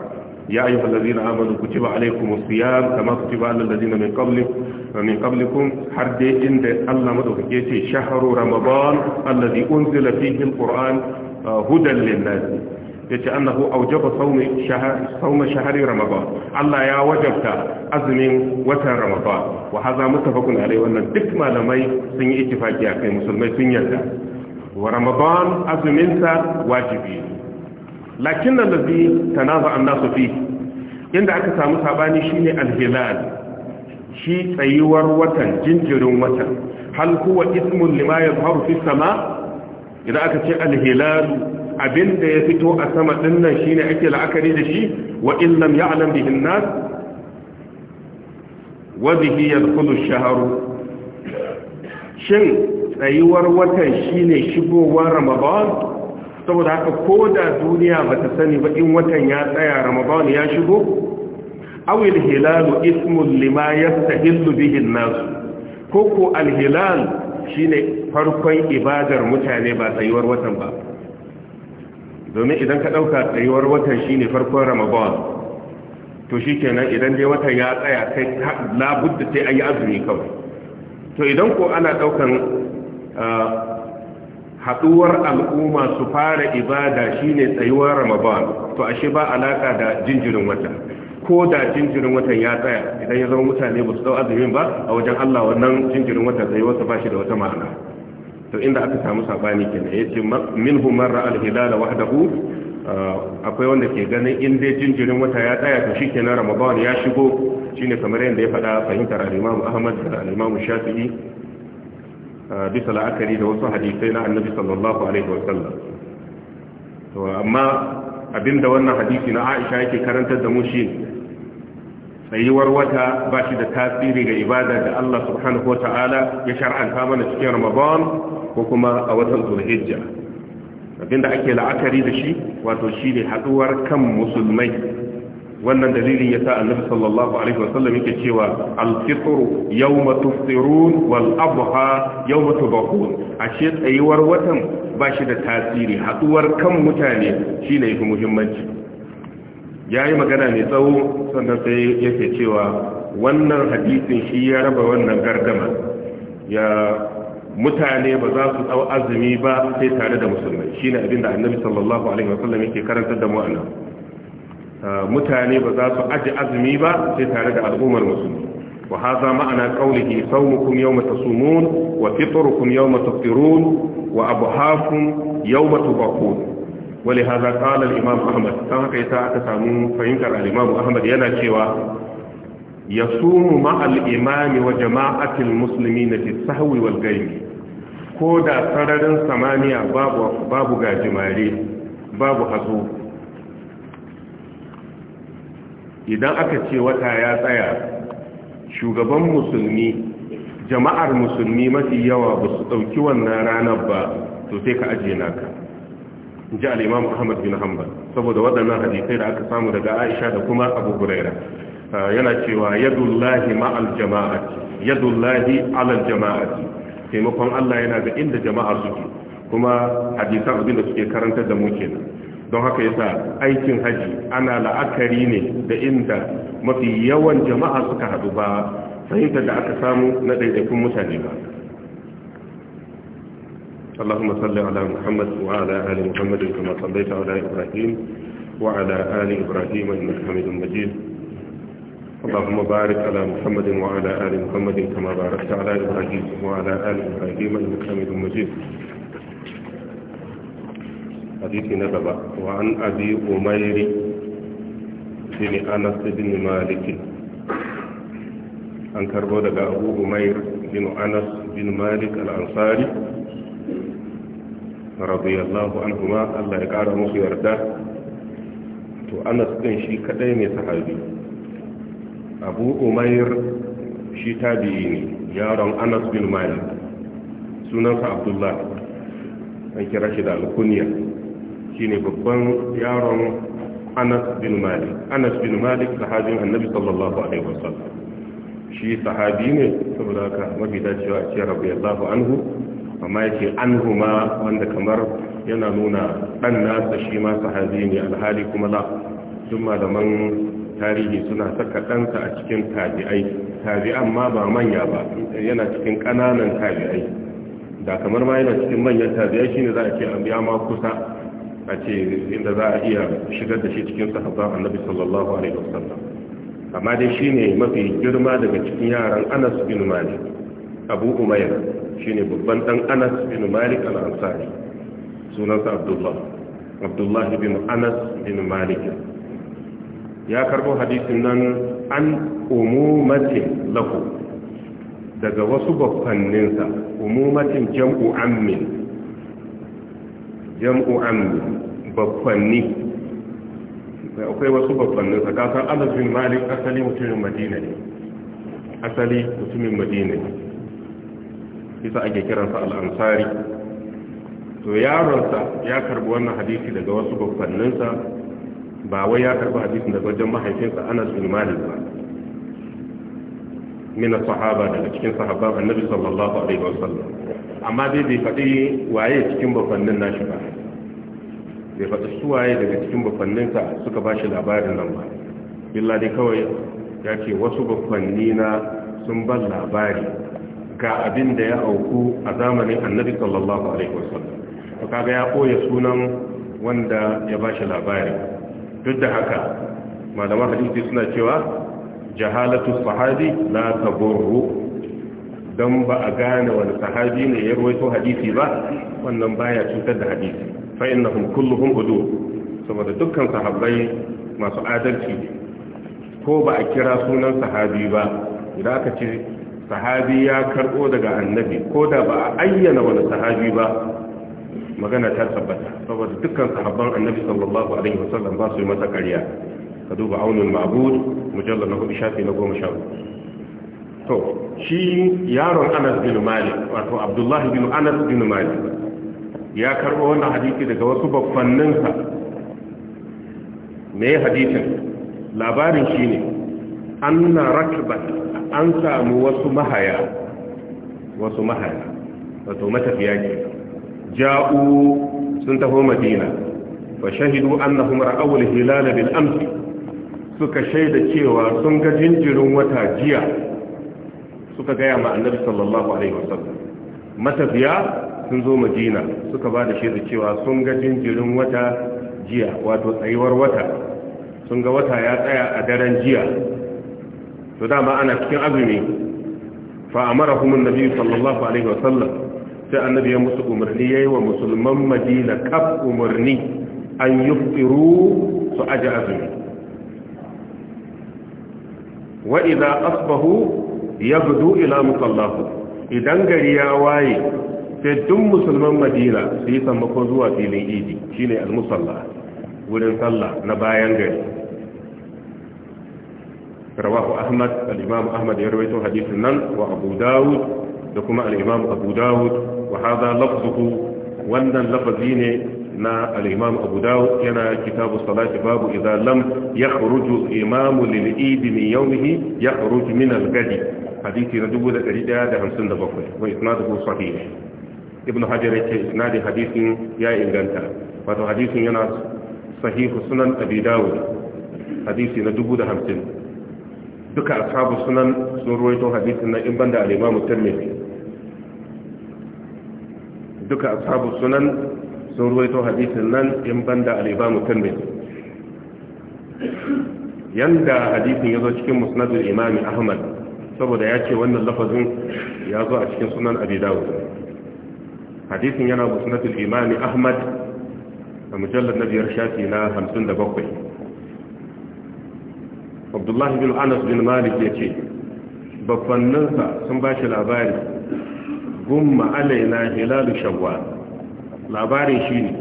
ya ayu allazina amanu kutiba alaykumus siyam kama kutiba alal ladina min qablikum min qablikum har dai inda Allah madaukake ce shahru ramadan allazi unzila fihi alquran eh, hudan lin nas yace annahu awjaba sawmi shahr sawma shahri ramadan Allah ya wajabta azumin watan ramadan wa hadha muttafaqun alai wannan duk malamai sun yi a akai musulmai sun yarda wa ramadan azumin wajibi lakin allazi tanaza an-nasu fi inda aka samu sabani shine al-hilal shi tsayuwar watan jinjirin watan hal huwa ismun lima yadhharu fi sama idan aka ce al abin da ya fito a sama dinnan shine ake la'akari da shi wa in lam ya'lam bihi nas wa bihi yadkhulu ash shin tsayuwar watan shine shigowar ramadan saboda haka ko da duniya bata sani ba in watan ya tsaya ramadan ya shigo aw al ismun lima yastahillu bihi bihin nas koko al-hilal shine farkon ibadar mutane ba tsayuwar watan ba domin idan ka ɗauka tsayuwar watan shi ne farkon ramadan to shi kenan idan dai watan ya tsaya sai labudda sai an yi azumi kawai to idan ko ana ɗaukan haɗuwar al'umma su fara ibada shi ne tsayuwar ramadan to ashe ba alaƙa da jinjirin wata ko da jinjirin watan ya tsaya idan ya zama mutane ba su ɗau azumin ba a wajen allah wannan jinjirin watan tsayuwarsa ba shi da wata ma'ana to inda aka samu sabani kenan yace minhu marra al-hilal wahdahu uh, akwai wanda ke ganin in dai jinjirin wata ya tsaya to shikenan ramadan ya shigo shine kamar yanda ya faɗa fahimtar al-imam ahmad da al-imam shafi'i uh, bisa la'akari da wasu hadisai na annabi sallallahu alaihi sallam to amma abinda wannan hadisi na Aisha yake karantar da mu shi tsayuwar wata ba shi da tasiri ga ibada da Allah subhanahu wa ta'ala ya shar'anta mana cikin Ramadan ko kuma a watan Zulhijja abinda ake la'akari da shi wato shine haduwar kan musulmai wannan dalilin yasa Annabi sallallahu alaihi sallam yake cewa al-fitr yawma tufṭirun wal adha yawma tubahun ashe tsayuwar watan ba shi da tasiri haɗuwar kan mutane shine yafi muhimmanci ya yi magana mai tsawo sannan sai yake cewa wannan hadisin shi ya raba wannan gardama ya mutane ba za su tsawo azumi ba sai tare da musulmai shi ne abinda annabi sallallahu alaihi wasallam yake karantar da mu'ana ah, mutane ba za su aji azumi ba sai tare da al'ummar musulmi wa haza ma'ana qaulihi sawmukum yawma tasumun wa fitrukum yawma tafṭirun wa abhaakum yawma tubaqun wali haza qala imam ahmad dan haka yasa aka samu fahimtar al-imam ahmad yana cewa ya ma ma'al imami wa jama'atil muslimina fi sahwi wal ghaib ko da sararin samaniya babu gajimare babu idan aka ce wata ya tsaya shugaban musulmi jama'ar musulmi mafi yawa ba su ɗauki wannan ranar ba to sai ka ajiye naka ji al-imam Ahmad bin Hanbal saboda waɗannan hadisai da aka samu daga Aisha da kuma Abu Huraira ah, yana cewa yadullahi ma'al jama'ati yadullahi alal jama'ati taimakon Allah yana ga inda jama'a suke kuma hadisan abin da suke karantar da mu kenan don haka yasa aikin haji ana la'akari ne da inda mafi yawan jama'a suka haɗu ba fahimtar da aka samu na ɗaiɗaikun mutane ba اللهم صل على محمد وعلى آل محمد كما صليت على إبراهيم وعلى آل إبراهيم إنك حميد مجيد اللهم بارك على محمد وعلى آل محمد كما باركت على إبراهيم وعلى آل إبراهيم إنك حميد مجيد حديث نبأ وعن أبي أمير بن أنس بن مالك أن كربو أبو أمير بن أنس بن مالك الأنصاري radiyallahu anhuma Allah ya kara musu yarda to Anas din shi kadai ne sahabi Abu Umair shi tabi'i ne yaron Anas bin Malik sunansa Abdullah an kira shi da alkunya shine babban yaron Anas bin Malik Anas bin Malik sahabin Annabi sallallahu alaihi wasallam shi sahabi ne saboda haka mafi dacewa a ce rabiyallahu anhu amma yake anhuma wanda kamar yana nuna ɗan nasa shi ma sahabi ne alhali kuma la malaman tarihi suna saka ɗansa a cikin tabi'ai tabi'an ma ba manya ba yana cikin ƙananan tabi'ai da kamar ma yana cikin manyan tabi'ai shine za a ce an biya ma kusa a ce inda za a iya shigar da shi cikin sahabban annabi sallallahu alaihi wasallam amma dai shine mafi girma daga cikin yaran Anas bin Malik Abu Umayr shine babban dan Anas bin Malik al-Ansari sunansa Abdullah Abdullah bin Anas bin Malik ya karbo hadisin nan an umumatin lahu daga wasu bakkanninsa umumatin jam'u ammin jam'u ammin bakkanni akwai wasu bakkanninsa kasar Anas bin Malik asali mutumin Madina ne asali mutumin Madina ne kisa ake kiransa al'ansari to yaronsa ya karbi wannan hadisi daga wasu babbanninsa ba wai ya karbi hadisi daga wajen mahaifinsa anas bin malik ba mina sahaba daga cikin sahabban annabi sallallahu alaihi wasallam amma dai bai faɗi waye cikin babbannin nashi ba bai faɗi su waye daga cikin babbanninsa suka ba shi labarin nan ba illa dai kawai ya ce wasu babbanni na sun ban labari ga abin da ya auku a zamanin annabi sallallahu alaihi wasallam to kaga ya boye sunan wanda ya bashi labari duk da haka malaman hadisi suna cewa jahalatu sahabi la taburru dan ba a gane wani sahabi ne ya ruwaito hadisi ba wannan baya cutar da hadisi fa innahum kulluhum saboda dukkan sahabbai masu adalci ko ba a kira sunan sahabi ba idan aka ce sahabi ya karbo daga annabi ko da ba a ayyana wani sahabi ba magana ta tabbata saboda dukkan sahabban annabi sallallahu alaihi wasallam ba su yi mata ƙarya ka duba aunin ma'bud mujallar na hudu shafi na goma sha to shi yaron anas bin malik wato abdullahi bin anas bin malik ya karbo wannan hadisi daga wasu babbanninsa me hadisin labarin shine anna rakban an samu wasu mahaya wasu mahaya wato matafiya ke ja'u sun taho madina fa shahidu annahum ra'aw al-hilal bil amsi suka shaida cewa sun ga jinjirin wata jiya suka gaya ma annabi sallallahu alaihi wasallam matafiya sun zo madina suka ba da shaida cewa sun ga jinjirin wata jiya wato tsayuwar wata sun ga wata ya tsaya a daren jiya to dama ana cikin azumi fa amarahum annabi sallallahu alaihi wasallam sai annabi ya musu umarni yayi wa musulman madina kaf umarni an yuftiru su aje azumi wa idza asbahu yabdu ila musallahu idan gari ya waye sai duk musulman madina su yi sammako zuwa filin idi shine al-musalla wurin sallah na bayan gari رواه أحمد الإمام أحمد يروي حديث النن وأبو داود دكما الإمام أبو داود وهذا لفظه وندن لفظين نا الإمام أبو داود كان كتاب الصلاة باب إذا لم يخرج الإمام للإيد من يومه يخرج من الغد حديث ندوب ذكريدا آه ده همسن دفقه وإسناده صحيح ابن حجر إسناد حديث يا إنغانتا فهذا حديث ينا صحيح سنن أبي داود حديث ندوب ده duka ashabu sunan sun ruwaito hadisin nan in banda al-imamu tirmidhi duka ashabu sunan sun ruwaito hadisin nan in banda al-imamu tirmidhi yanda hadisin yazo cikin musnadul imami ahmad saboda ya ce wannan lafazin ya zo a cikin sunan abi dawud hadisin yana musnadul imami ahmad a mujallar na biyar shafi na 57 abdullahi bin anas bin malik ya ce babbanninsa sun ba shi labari gumma alaina hilalu shawwal labarin shi ne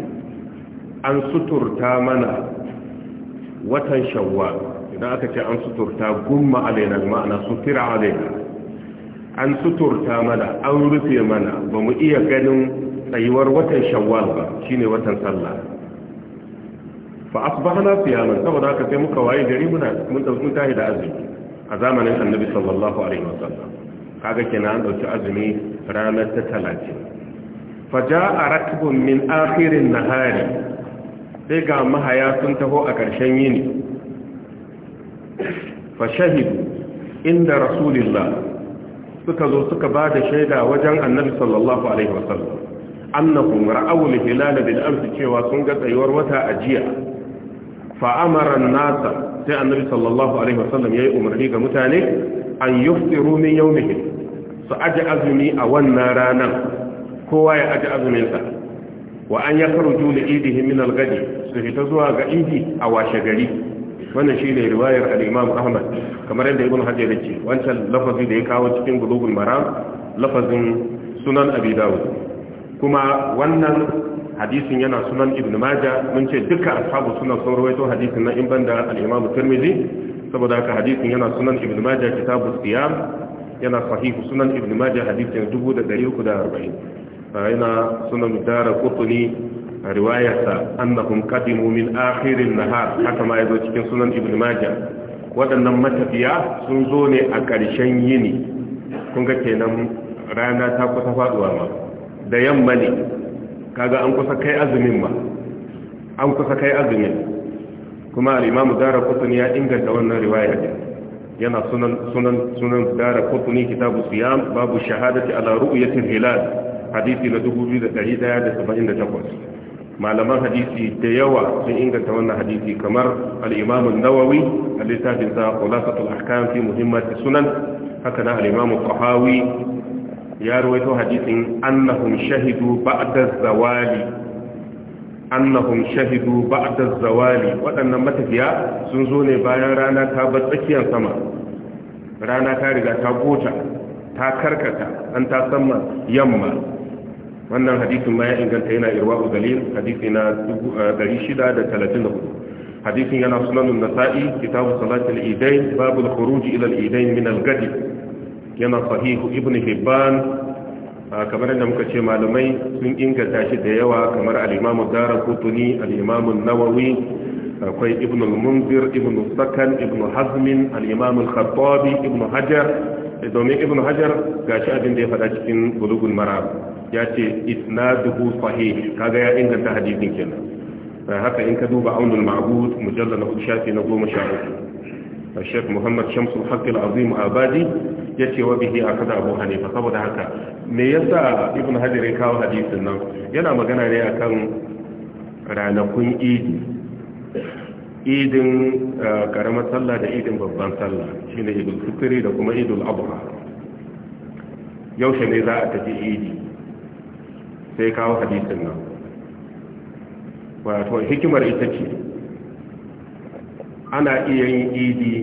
an suturta mana watan shawwal idan aka ce an suturta gumma alaina ma'ana sutura alaina an suturta mana an rufe mana ba mu iya ganin tsayuwar watan shawwal ba shine watan sallah fa asbahna siyaman saboda haka sai muka waye gari muna mun dauki tahi da azumi a zamanin annabi sallallahu alaihi wasallam kaga kenan an dauki azumi ranar ta 30 fa jaa ratbun min akhirin nahari sai ga mahaya sun taho a ƙarshen yini fa shahidu inda rasulillah suka zo suka ba da shaida wajen annabi sallallahu alaihi wasallam annahum ra'aw al-hilal bil amsi cewa sun ga tsayuwar wata a jiya fa'amara nasa sai annabi sallallahu alaihi wasallam yayi umarni ga mutane an yuftiru min yawmihim su aje azumi a wannan ranar kowa ya aje azuminsa wa an yakhruju li idihi min al su fita zuwa ga idi a washe gari wannan shine riwayar alimam ahmad kamar yadda ibn hajar ce wancan lafazin da ya kawo cikin gudugul maram lafazin sunan abi dawud kuma wannan hadisin yana sunan ibn maja mun ce duka ashabu sunan sun rawaito hadisin nan in banda al-imam tirmidhi saboda haka hadisin yana sunan ibn maja kitabu siyam yana sahihu sunan ibn maja hadisin 1340 ina sunan dara qutni riwayata annahum qadimu min akhirin nahar haka ma yazo cikin sunan ibn maja waɗannan matafiya sun zo ne a ƙarshen yini kun ga kenan rana ta kusa faduwa ma da yamma ne kaga an kusa kai azumin ma an kusa kai azumin kuma al-imam darqutni ya inganta wannan riwaya din yana sunan sunan sunan darqutni kitabu siyam babu shahadati ala ru'yati hilal hadisi na 2178 malaman hadisi da yawa sun inganta wannan hadisi kamar al-imam an-nawawi a littafin sa khulasatul ahkam fi sunan haka na al-imam tahawi ya ruwaito hadisin annahum shahidu ba'da zawali annahum shahidu ba'da zawali waɗannan matafiya sun zo ne bayan rana ta bar tsakiyar sama rana ta riga ta gota ta karkata an ta sama yamma wannan hadisin ma ya inganta yana irwa'u dalil hadisi na 634 eh, hadisin yana sunanun nasa'i kitabu salatul idain babul khuruj ila al idain min al gadi yana sahihu ibn hibban kamar yadda muka ce malamai sun inganta shi da yawa kamar al-imamu daraqutni al-imamu an-nawawi akwai ibn al-munzir ibn sakan ibn hazm al-imam al-khattabi ibn hajar domin ibn hajar ga shi abin da ya fada cikin bulugul maram ya ce isnaduhu sahih kaga ya inganta hadisin kenan haka in ka duba aunul ma'bud mujallal na shafi na 13 الشيخ محمد شمس الحق العظيم آبادي yace wa bihi akada Abu Hanifa saboda haka me yasa Ibn Hajar ya kawo hadisin nan yana magana ne akan ranakun Idi idin karamar sallah da idin babban sallah shine Idul Fitri da kuma Idul Adha yaushe ne za a tafi Idi sai kawo hadisin nan wato hikimar ita ce ana iya yin idi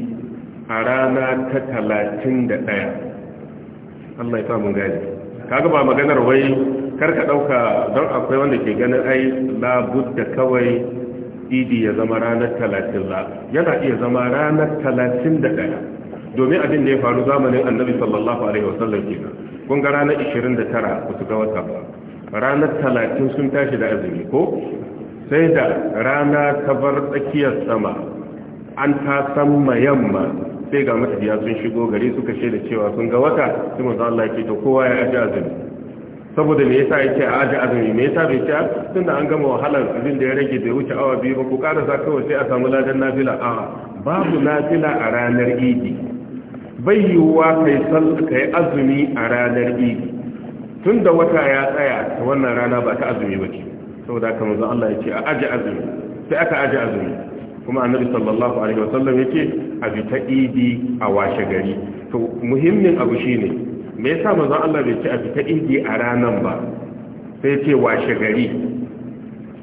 a rana ta talatin da ɗaya allah ya mun gani kaga ba maganar wai karka ɗauka don akwai wanda ke ganin ai da kawai idi ya zama ranar talatin ba yana iya zama ranar talatin da ɗaya domin abin da ya faru zamanin annabi sallallahu alaihi wasallam ke kun ga ranar 29 ba su ga wata ba ranar talatin sun tashi da azumi ko sai da rana ta bar tsakiyar sama an ta san yamma sai ga matafiya sun shigo gari suka shaida cewa sun ga wata sai manzo Allah yake to kowa ya aje azumi saboda me yasa yake a aje azumi me yasa bai ce tunda an gama wahalar abin da ya rage bai wuce awa biyu ba ku ƙara sa kawai sai a samu ladan nafila a babu nafila a ranar idi bai yiwuwa kai sal kai azumi a ranar idi tunda wata ya tsaya ta wannan rana ba ta azumi ba ce saboda kamar zan Allah ya a aje azumi sai aka aje azumi kuma annabi sallallahu alaihi wasallam yake a bi ta idi a washe gari to muhimmin abu shine me yasa manzon Allah bai ce a bi ta idi a ranan ba sai ce washe gari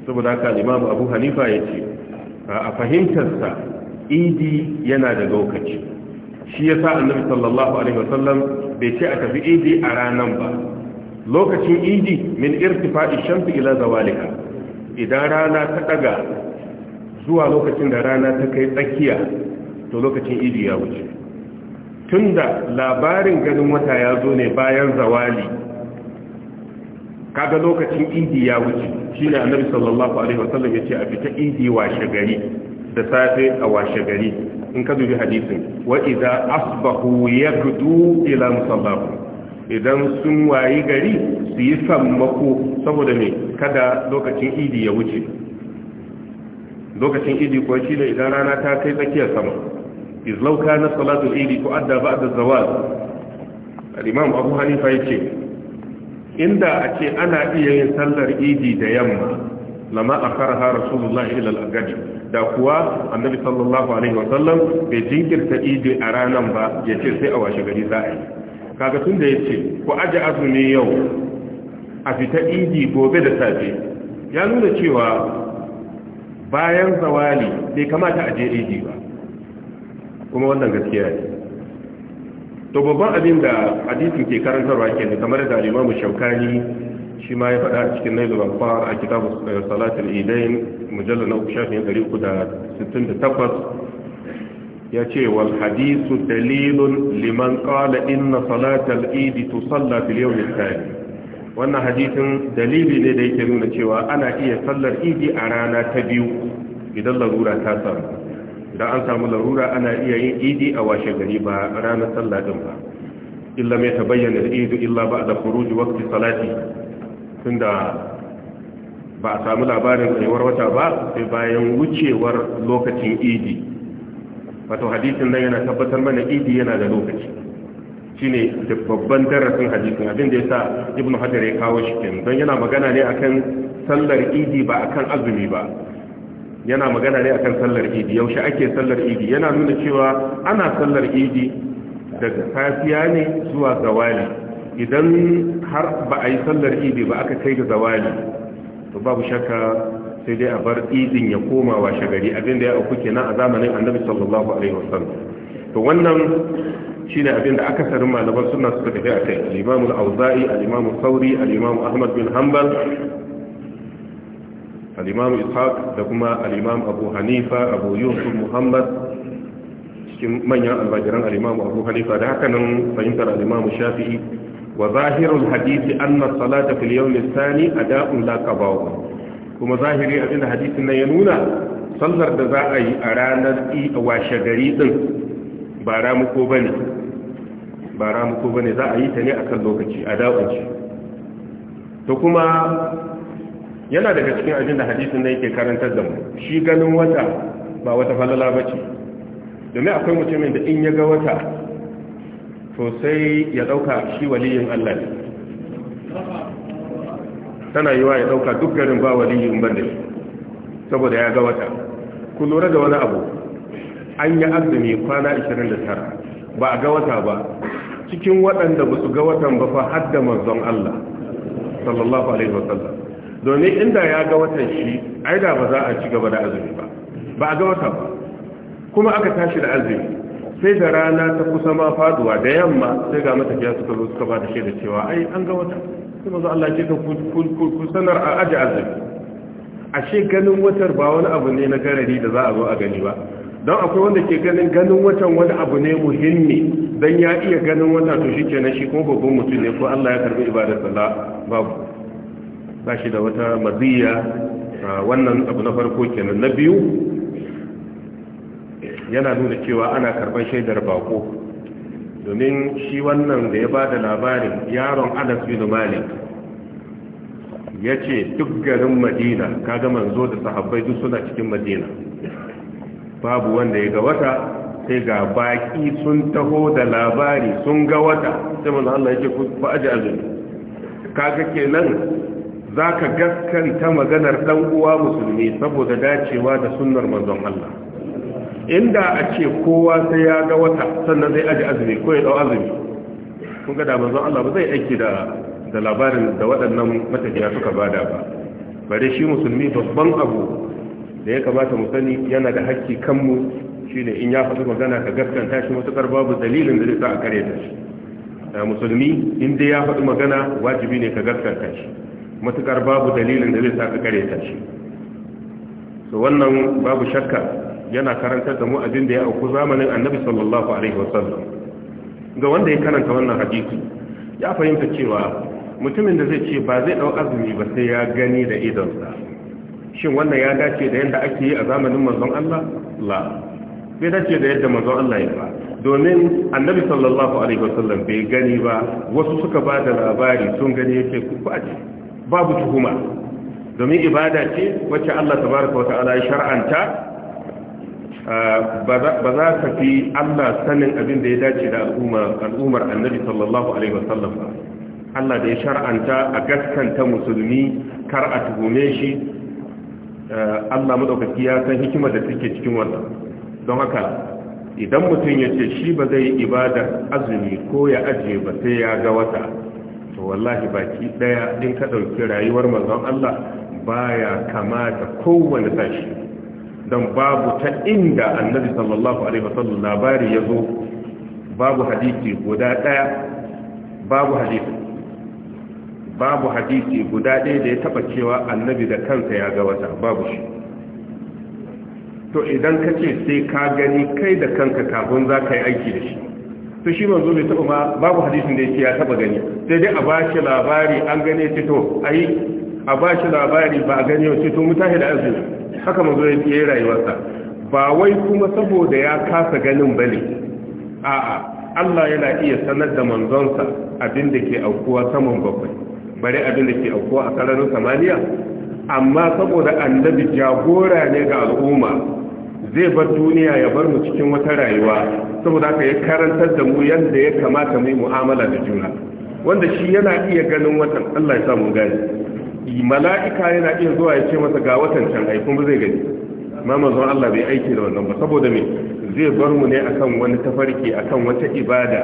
saboda haka Imam Abu Hanifa yace a fahimtarsa idi yana da lokaci shi yasa annabi sallallahu alaihi wasallam bai ce a tafi idi a ranan ba lokacin idi min irtifa'i shamsi ila zawalika idan rana ta daga zuwa lokacin da rana ta kai tsakiya to lokacin idi ya wuce tunda labarin ganin wata ya zo ne bayan zawali kaga lokacin idi ya wuce shine annabi sallallahu alaihi wasallam yace a fita idi washe gari da safe a washe gari in ka dubi hadisin wa idza asbahu yakdu ila musallahu idan sun wayi gari su yi sammako saboda me kada lokacin idi ya wuce lokacin idi ko shi ne idan rana ta kai tsakiyar sama izlauka na salatul idi ko adda ba da zawal Limam abu hanifa ya ce inda a ce ana iya yin sallar idi da yamma lama a karaha rasulullahi al agadi da kuwa annabi sallallahu alaihi wasallam bai jinkirta idi a ranan ba ya ce sai a washe gari za yi kaga tun da ya ce ku ajiye azumi yau a fita idi gobe da safe ya nuna cewa bayan zawali bai kamata a je AD ba kuma wannan gaskiya ne to babban abin da hadisin ke karantarwa ke kamar da Imam Shaukani shi ma ya faɗa a cikin nailu Anfar a kitabu eh, Salatul Idain mujallar na uku da da sittin tabbas ya ce wal hadisu dalilun liman qala inna salatal idi tusalla fil yau al-thani wannan hadisin dalili ne da yake nuna cewa ana iya sallar idi a rana ta biyu idan larura ta samu idan an samu larura ana iya yin idi a washe gari ba ranar sallah din ba illa mai tabayyana idu illa ba da furuji wakti salati tunda ba a samu labarin tsayuwar wata ba sai bayan wucewar lokacin idi wato hadisin nan yana tabbatar mana idi yana da lokaci shine babban darasin hadisin abin da sa ibn hajar ya kawo shi kenan don yana magana ne akan sallar idi ba akan azumi ba yana magana ne akan sallar idi yaushe ake sallar idi yana nuna cewa ana sallar idi daga safiya ne zuwa zawali idan har ba a yi sallar idi ba aka kai ga zawali to babu shakka sai dai a bar idin ya koma washe gari abin da ya auku kenan a zamanin annabi sallallahu alaihi wasallam to wannan shine abin da akasarin malaman suna suka tafi a kai al auzai al sauri al ahmad bin hanbal al ishaq da kuma al abu hanifa abu yusuf muhammad cikin manyan albajiran al abu hanifa da haka nan fahimtar al shafi'i wa zahirul hadisi anna salata fil yawm ath-thani ada'un la qabaw kuma zahiri abin da hadisin nan ya nuna sallar da za a yi a ranar washe gari din ba ramuko ba ne ba ramuko ba ne za a yi ta ne a kan lokaci a da'unci ta kuma yana daga cikin abin da hadisun da yake karantar da mu shi ganin wata ba wata falala ba ce domin akwai mutumin da in ya ga wata to sai ya ɗauka shi waliyin Allah ne tana wa ya ɗauka duk garin ba waliyin ban da shi saboda ya ga wata ku lura da wani abu an yi azumi kwana 29 ba a ga wata ba cikin waɗanda ba su ga watan ba fa hadda manzon Allah sallallahu alaihi wa sallam domin inda ya ga watan shi ai da ba za a ci gaba da azumi ba ba a ga wata ba kuma aka tashi da azumi sai da rana ta kusa ma faduwa da yamma sai ga matafiya suka zo suka ba da shaida cewa ai an ga wata sai manzon Allah ce ka ku sanar a aji azumi ashe ganin watar ba wani abu ne na garari da za a zo a gani ba don akwai wanda ke ganin ganin watan wani abu ne muhimmi don ya iya ganin wata to shi na shi kuma babban mutum ne ko Allah ya karbi ibadar babu ba shi da wata maziya wannan abu na farko kenan na biyu yana nuna cewa ana karban shaidar bako domin shi wannan da ya ba da labarin yaron Anas bin Malik ce duk garin Madina kaga manzo da sahabbai duk suna cikin Madina babu wanda ya ga wata sai ga baki sun taho da labari sun ga wata sai mana Allah yake ku ba aji azumi kaga kenan zaka gaskanta maganar dan uwa musulmi saboda dacewa da sunnar manzon Allah inda a ce kowa sai ya ga wata sannan zai aji azumi ko ya dau azumi kun ga da manzon Allah ba zai aiki da da labarin da waɗannan matafiya suka bada ba bare shi musulmi babban abu da ya kamata mu sani yana da hakki kanmu shine in ya faɗi magana ka gaskanta shi matuƙar babu dalilin da zai sa a kare ta shi musulmi in dai ya faɗi magana wajibi ne ka gaskanta shi matuƙar babu dalilin da zai sa ka kare ta shi so wannan babu shakka yana karantar da mu abin da ya auku zamanin annabi sallallahu alaihi wasallam ga wanda ya karanta wannan hadisi ya fahimta cewa mutumin da zai ce ba zai dau azumi ba sai ya gani da idonsa shin wannan ya dace da yadda ake yi a zamanin manzon Allah la bai dace da yadda manzon Allah ya ba domin annabi sallallahu alaihi wasallam bai gani ba wasu suka ba da labari sun gani yake ku aje babu tuhuma domin ibada ce wacce Allah tabaraka wata'ala ya shar'anta ah, ba za ka fi Allah sanin abin da ya dace da al'ummar annabi sallallahu alaihi wasallam ba Allah da ya shar'anta a gaskanta musulmi kar a tuhume shi Eh, Allah madaukaki ya san hikimar da take cikin wannan don haka idan mutum ya ce shi ba zai yi ibadar azumi ko ya ajiye ba sai ya ga wata to wallahi baki daya din ka dauki rayuwar manzon Allah baya kamata kowane sashi don babu ta inda annabi sallallahu alaihi wasallam labari yazo babu hadisi guda daya babu hadisi babu hadisi guda ɗaya da ya taba cewa annabi da kansa ya ga wata babu shi to idan ka ce sai ka gani kai da kanka kafin za ka yi aiki da shi to shi manzo bai taba ma babu hadisin da ya ce ya taba gani sai dai a ba shi labari an gane ce to yi a ba shi labari ba a gane ce to mutahi da azumi haka manzo ya yi rayuwarsa ba wai kuma saboda ya kasa ganin bane a'a Allah yana iya sanar da manzonsa abin da ke aukuwa saman bakwai bare abin da ke aukuwa a sararin samaniya amma saboda annabi jagora ne ga al'umma zai bar duniya ya bar mu cikin wata rayuwa saboda haka ya karantar da mu yadda ya kamata mu mu'amala da juna wanda shi yana iya ganin watan Allah ya samu gani mala'ika yana iya zuwa ya ce masa ga watan can ai kuma zai gani mamazon Allah bai aiki da wannan ba saboda me zai bar mu ne akan wani tafarki akan wata ibada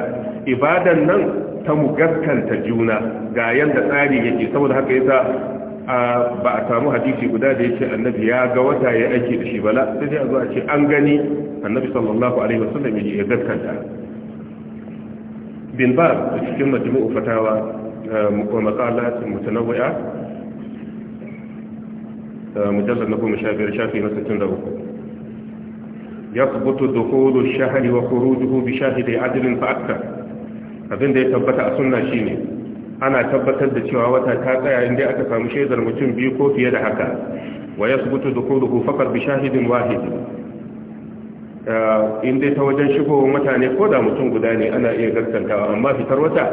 ibadan nan ta mu gaskanta juna ga yanda tsari yake saboda haka yasa ba a samu hadisi guda da yake annabi ya ga wata ya aiki da shi bala sai dai a zo a ce an gani annabi sallallahu alaihi wasallam ya gaskanta bin ba cikin majmu'u fatawa eh, wa maqalat mutanawwi'a eh, mujallad na 15 shafi na 63 يثبت دخول الشهر وخروجه بشاهد عدل فأكثر abin da ya tabbata a sunna shine ana tabbatar da cewa wata ta tsaya inda aka samu shaidar mutum biyu ko fiye da haka wa yasbutu dukuluhu faqat bi shahidin wahid inda ta wajen shigowar mutane ko da mutum guda ne ana iya gaskantawa amma fitar wata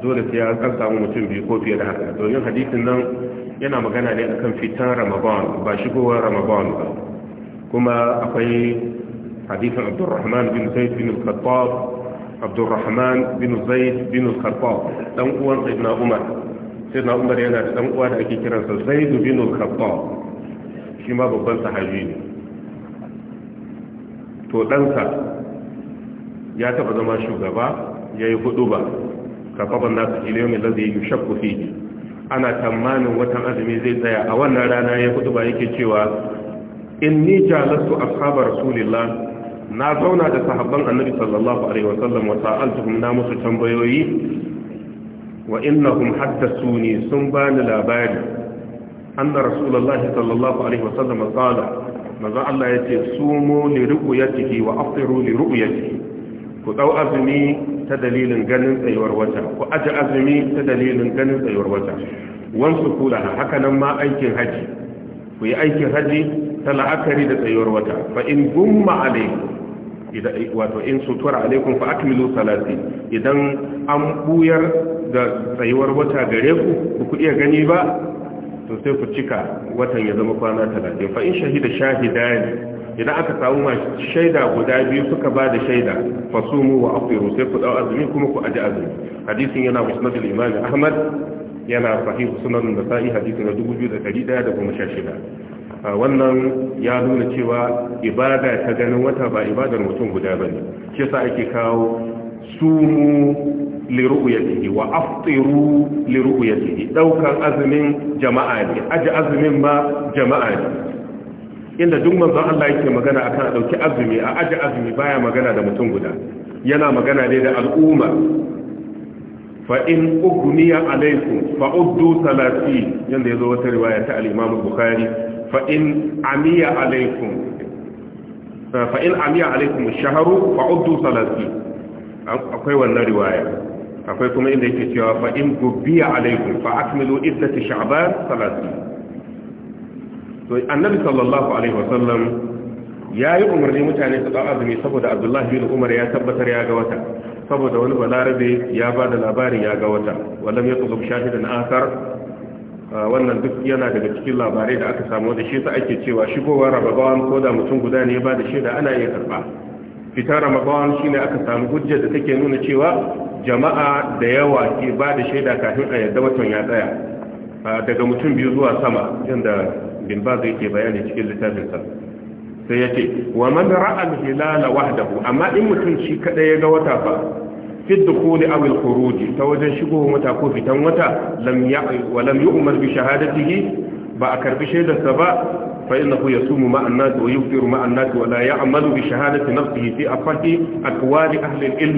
dole sai an samu mutum biyu ko fiye da haka domin hadisin nan yana magana ne akan fitar ramadan ba shigowar ramadan ba kuma akwai حديث عبد الرحمن بن زيد بن الخطاب عبد الرحمن بن زيد بن الخطاب دان uwan سيدنا عمر سيدنا عمر yana da dan uwa da ake kiransa Zaid bin al-Khattab shi ma babban sahabi ne to danka ya taɓa zama shugaba ya yi hudu ba kafaban nasu iliyomin lazai yi shakku fi ana tamanin watan azumi zai tsaya a wannan rana ya hudu ba yake cewa Inni ni jalastu ashabar rasulillah na zauna da sahabban annabi sallallahu alaihi sallam wa sa'altuhum na musu tambayoyi wa innahum haddathuni sun bani labari anna rasulullahi sallallahu alaihi sallam qala maza Allah yace sumu li ru'yatihi wa afṭiru li ru'yatihi ku dau azumi ta dalilin ganin tsayuwar wata ku aje azumi ta dalilin ganin tsayuwar wata wansu kulaha haka nan ma aikin haji ku yi aikin haji ta la'akari da tsayuwar wata fa in gumma alaikum wato in sutura alaikum fa akmilu salati idan an buyar da tsayuwar wata gare ku ku iya gani ba to sai ku cika watan ya zama kwana talatin fa in shahida shahidani idan aka samu shaida guda biyu suka ba da shaida fa sumu wa afiru sai ku dau azumi kuma ku aji azumi hadisin yana musnad al-imam ahmad yana sahih sunan nasa'i hadisi na 2116 wannan ya nuna cewa ibada ta ganin wata ba ibadar mutum guda bane shi yasa ake kawo sumu li ru'yatihi wa aftiru li ru'yatihi daukan azumin jama'a ne aji azumin ma jama'a ne inda duk manzon Allah yake magana akan ɗauki azumi a aji azumi baya magana da mutum guda yana magana ne da al'umma Fa in ugniya alaikum fa'uddu salati yadda ya zo wata riwaya ta al-imam bukhari fa'in amiya alaikum fa'in amiya alaikum akwai wannan riwaya akwai kuma inda yake cewa fa'in gubbiya alaikum fa'akmilu iddati sha'ban salati to annabi sallallahu alaihi wasallam ya yi umarni mutane su ɗan azumi saboda abdullahi bin umar ya tabbatar ya ga wata saboda wani balarabe ya ba da labarin ya ga wata wallam ya tsuzub shahidan akar Ah, wannan duk yana daga cikin labarai da aka samu da shi sa ake cewa shigowar ramadan ko da mutum guda ne ba da shaida ana iya karba fitar ramadan shine aka samu hujja da take nuna cewa jama'a da yawa ke ba da shaida kafin a yadda watan ya tsaya ah, daga mutum biyu zuwa sama yanda bin zai ke bayani cikin littafin sa sai yace wa man ra'a al-hilala wahdahu amma in mutum shi kada ya ga wata fa fi dukhuli aw al ta wajen shigo wata ko fitan wata lam wa lam yu'mar bi shahadatihi ba a karbi shaidar sa ba fa innahu yasumu ma an-nas wa yufṭiru ma an-nas wa la ya'malu bi shahadati nafsihi fi afati aqwali ahli al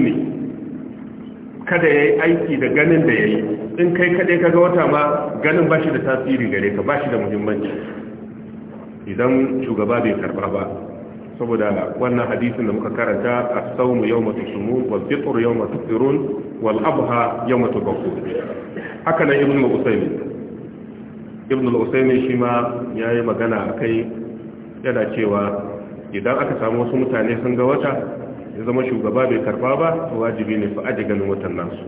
kada yayi aiki da ganin da yayi in kai ka kaga wata ma ganin bashi da tasiri gare ka bashi da muhimmanci idan shugaba bai karba ba saboda wannan hadisin da muka karanta as-sawmu yawma tusumun wal fitr yawma tufirun wal abha yawma tubakkun haka nan ibnu usaymin ibnu usaymi shi ma yayi magana akai yana cewa idan aka samu wasu mutane sun ga wata ya zama shugaba bai karba ba to wajibi ne su aje ganin watan nasu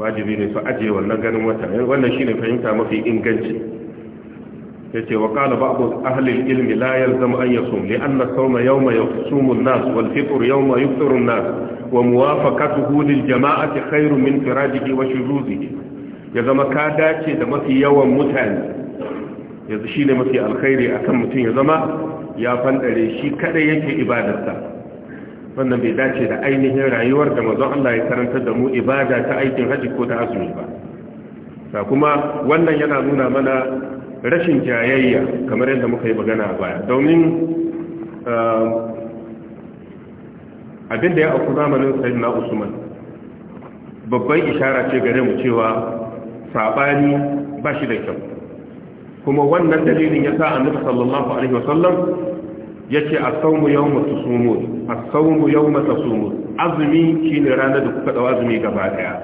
wajibi ne su aje wannan ganin wata wannan shine fahimta mafi inganci yace wa qala ba ahli al-ilm la yalzam an yasum li anna as-sawma yawma yasumu an-nas wal fitr yawma yufṭiru an-nas wa muwafaqatuhu lil jama'ati khairun min wa ya zama ka dace da mafi yawan mutane yanzu shine mafi alkhairi akan mutum ya zama ya fandare shi kada yake ibadarsa wannan bai dace da ainihin rayuwar da mazan Allah ya karanta da mu ibada ta aikin hajji ko ta azumi ba ta kuma wannan yana nuna mana rashin jayayya kamar yadda muka yi magana a baya domin uh, abin da ya auku zamanin sayin na usman babban ishara ce gare mu cewa saɓani ba shi da kyau kuma wannan dalilin ya sa annabi sallallahu alaihi wasallam ya ce a saumu yau masu sumu a saumu yau masu sumu azumi shine ranar da kuka ɗau azumi gaba daya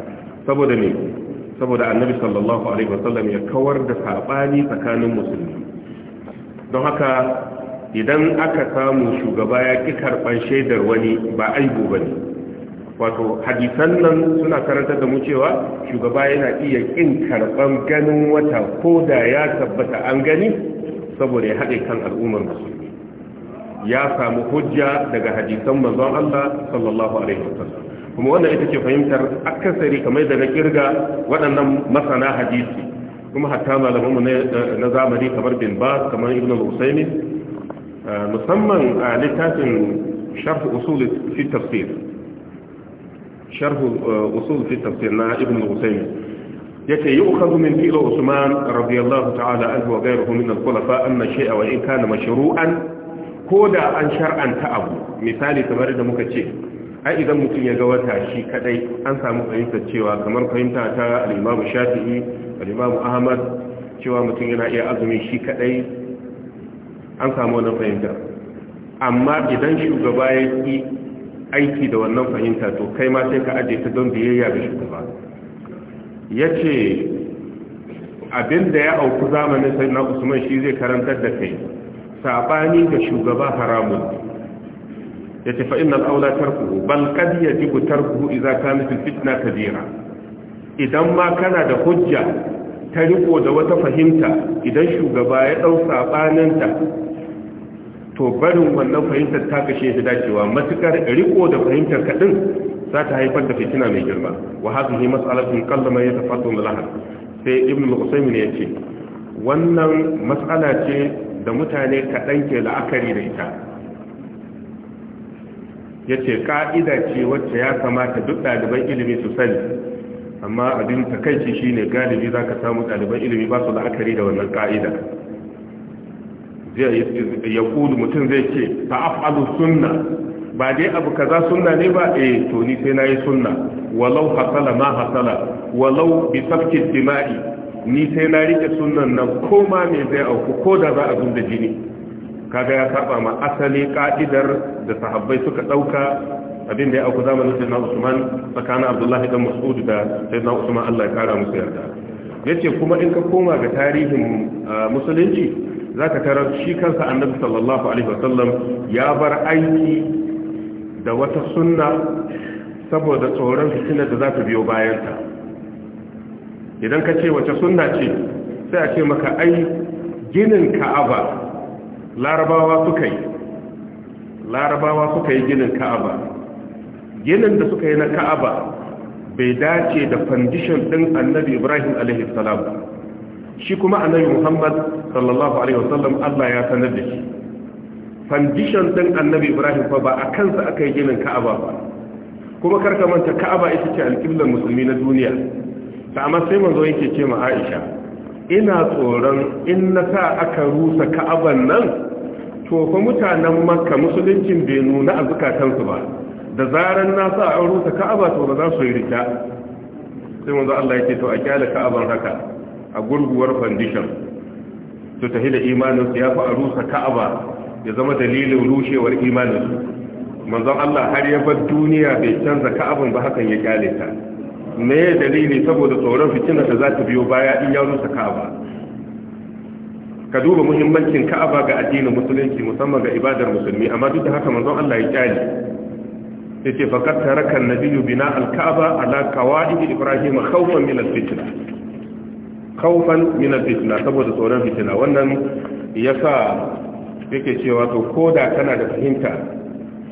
saboda ne saboda annabi sallallahu alaihi wasallam ya kawar da sabani tsakanin musulmi don haka idan aka samu shugaba ya ki karban shaidar wani ba aibu bane wato hadisan nan suna karantar da mu cewa shugaba yana iya kin karban ganin wata ko da ya tabbata an gani saboda ya haɗe kan al'ummar musulmi ya samu hujja daga hadisan manzon Allah sallallahu alaihi wasallam kuma wannan ita ce fahimtar akasari kamar da na kirga waɗannan masana hadisi kuma hatta malamanmu na zamani kamar bin ba kamar ibn al-usaimi musamman a littafin sharh usul fi tafsir sharh usul fi tafsir na ibn al-usaimi yake yi ukhadhu min fi'l usman radiyallahu ta'ala anhu wa ghayruhu min al-khulafa anna shay'a wa in kana mashru'an koda an shar'anta abu misali kamar da muka ce ai idan mutum ya ga wata shi kadai an samu fahimtar cewa kamar fahimta ta al'imamu Shafi'i al'imamu Ahmad cewa mutum yana iya azumi shi kadai an samu wannan fahimta amma idan shugaba ya yi aiki da wannan fahimta to kai ma sai ka aje ta don biyayya ga shugaba yace abinda ya auku zamanin na Usman shi zai karantar da kai Saɓani ga shugaba haramun yace fa innal aula tarkuhu bal qad yajibu tarkuhu idza ta nufin fitna kabira idan ma kana da hujja ta riko da wata fahimta idan shugaba ya dau sabaninta to barin wannan fahimtar ta kashe shi dacewa matukar riko da fahimtar kaɗin za ta haifar da fitina mai girma wa hadhihi mas'alatun qallama yatafattamu laha sai ibn al ya yace wannan matsala ce da mutane kaɗan ke la'akari da ita ya ce ƙa'ida ce wacce ya kamata duk ɗaliban ilimi su sani amma abin takaici shi ne galibi za ka samu ɗaliban ilimi ba su la'akari da wannan ƙa'ida ya kudu mutum zai ce afalu sunna ba dai abu za sunna ne ba e to ni sai na yi sunna walau hasala ma hasala walau bi safkin dima'i ni sai na rike sunnan nan ko ma me zai auku ko da za a zunda jini kaga ya saba ma asali ka'idar da sahabbai suka dauka abin da ya auku zamanin sayyidina Usman tsakanin Abdullahi dan Mas'ud da sayyidina Usman Allah ya kara musu yarda yace kuma in ka koma ga tarihin musulunci zaka tarar shi kansa Annabi sallallahu alaihi wasallam ya bar aiki da wata sunna saboda tsoron fitinar da za ta biyo bayanta idan ka ce wace sunna ce sai a ce maka ai ginin ka'aba larabawa suka yi larabawa suka yi ginin ka'aba ginin da suka yi na ka'aba bai dace da fandishin ɗin annabi ibrahim alaihissalam shi kuma annabi muhammad sallallahu alaihi wasallam allah ya sanar da shi fandishin ɗin annabi ibrahim fa ba a kansa aka yi ginin ka'aba ba kuma karka manta ka'aba ita ce alƙiblar musulmi na duniya ta amma sai manzo yake ce ma aisha ina tsoron in na sa aka rusa ka'aban nan to fa mutanen makka musuluncin bai nuna a zukatansu ba da zarar na sa an rusa ka'aba to ba za su yi rita sai wanzu Allah ya ce to a kyala ka'aban haka a gurguwar foundation su tafi imanin imaninsu ya fi a rusa ka'aba ya zama dalilin rushewar imaninsu manzon Allah har ya bar duniya bai canza ka'aban ba hakan ya kyale ta me dalili saboda tsoron fitina da za ta biyo baya in ya rusa ka'aba ka duba muhimmancin ka'aba ga addinin musulunci musamman ga ibadar musulmi amma duk da haka manzon Allah ya kyale yace faqad taraka an-nabiyyu bina al-ka'aba ala qawa'id ibrahim khawfan min al-fitna khawfan min al-fitna saboda tsoron fitina wannan yasa yake cewa to koda kana da fahimta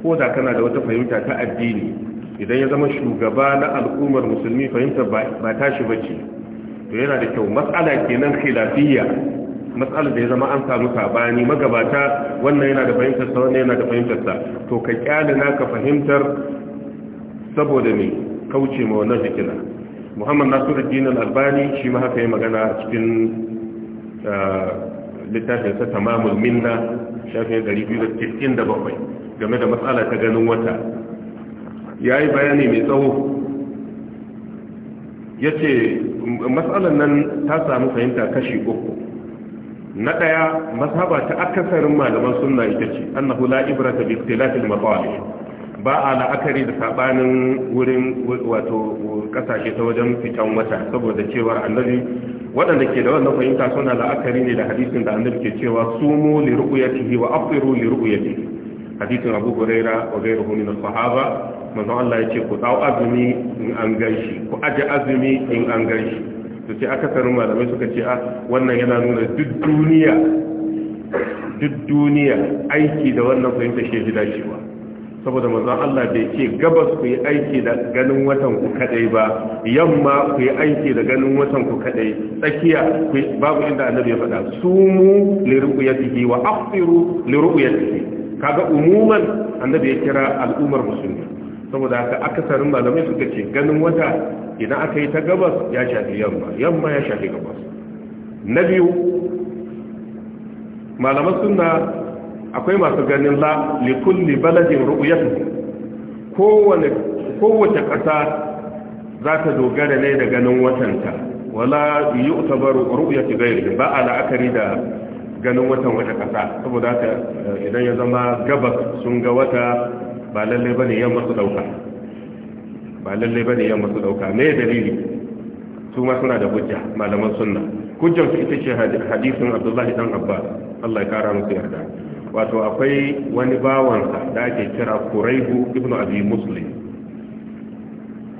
koda kana da wata fahimta ta addini idan ya zama shugaba na al'ummar musulmi fahimta ba tashi ce to yana da kyau matsala kenan khilafiyya matsala da ya zama an samu sabani magabata wannan yana da fahimtarsa wannan yana da fahimtarsa to ka kyale naka fahimtar saboda me kauce ma wannan fitina Muhammad Nasiruddin Al-Albani shi ma haka yi magana cikin ah, littafinsa sa Tamamul Minna shafin 297 game da matsala ta ganin wata ya yi bayani mai tsawo ya ce matsalan nan ta samu fahimta kashi uku na ɗaya masaba ta akasarin malaman sunna ita ce annahu la ibrata bi ikhtilafil maqalih ba a la'akari da sabanin wurin wato kasashe ta wajen fitan wata saboda cewa annabi waɗanda ke da wannan fahimta suna la'akari ne da hadisin da annabi ke cewa sumu li ru'yatihi wa afiru li ru'yatihi hadisin abu huraira wa ghayruhu min as-sahaba manzo Allah yace ku dau azumi in an ganshi ku aje azumi in an ganshi to sai akasarin malamai suka ce a ah, wannan yana nuna duk duniya duk duniya aiki da wannan fahimta shi ji dacewa saboda manzon Allah bai ce gabas ku yi aiki da ganin watan ku kadai ba yamma ku yi aiki da ganin watan ku kadai tsakiya babu inda annabi ya faɗa sumu li ru'yatihi wa afsiru li kaga umuman annabi ya kira al'ummar musulmi saboda haka akasarin malamai suka ce ganin wata idan aka yi ta gabas ya shafi yamma yamma ya shafi gabas na biyu malaman suna akwai masu ganin la likulli baladin ru'yatu kowace kowace ƙasa za ta dogara ne da ganin watanta wala yu'tabaru ru'yatu ghayrihi ba ala akari da ganin watan wata kasa saboda ta eh, idan ya zama gabas sun ga wata ba lalle bane yamma su dauka ba lalle bane yamma su dauka me dalili su ma suna da hujja malaman sunna hujjar su ita ce hadisin Abdullahi dan Abbas Allah ya kara musu yarda wato akwai wani bawansa da ake kira Quraibu ibn Abi Muslim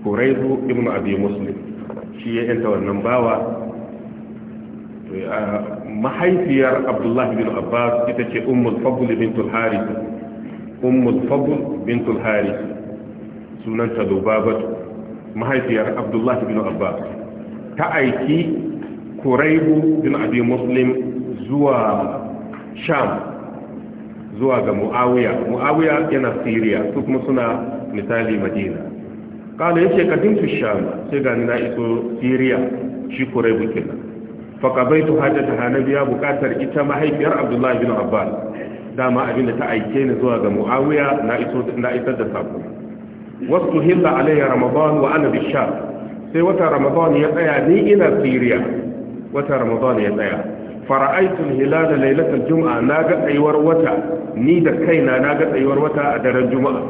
Quraibu ibn Abi Muslim shi ya yanta wannan bawa mahaifiyar abdullahi bin abbas ita ce ummul fadl bintul haris ummul fadl bintul haris sunanta lubabatu mahaifiyar abdullahi bin abbas ta aiki kuraibu bin abi muslim zuwa sham zuwa ga mu'awiya mu'awiya yana siriya su kuma suna misali madina kala yace kadin su sham sai gani na iso siriya shi kuraibu kenan Faƙabaitu faqabaitu hajataha nabiya buƙatar ita mahaifiyar abdullahi bin abbas dama abin da ta aike ni zuwa ga muawiya na isar da sako wasu hilla alayya ramadan wa ana bisha sai wata ramadan ya tsaya ni ina siriya wata ramadan ya tsaya fara'aitu hilala lailatul jum'a na ga tsayuwar wata ni da kaina na ga tsayuwar wata a daren juma'a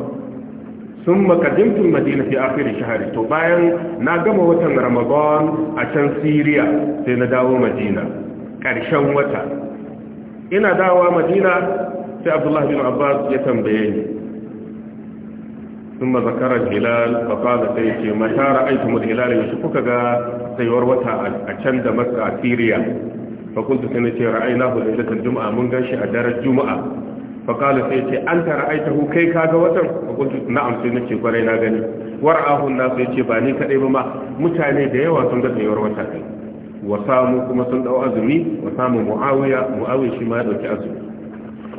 sun makadimtun madina fi afirin shahari to bayan na gama watan ramadan a can siriya sai na dawo madina ƙarshen wata ina dawowa madina sai abdullahi bin abbas ya tambaye ni sun mazakarar hilal fafaza ta yake mata ra'aitumul hilal yaushe kuka ga tsayuwar wata a can da maka a siriya fakultu sai na ce ra'ayi na hulun juma'a mun gan shi a daren juma'a faƙalu sai ce an tara aitahu kai kaga watan hukuntu na'am sai nake kwarai na gani war'ahun na sai ce ba ni kaɗai ba ma mutane da yawa sun ga yawar wata kai wa samu kuma sun dau azumi wa samu muawiya muawiya shi ma ya ɗauki azumi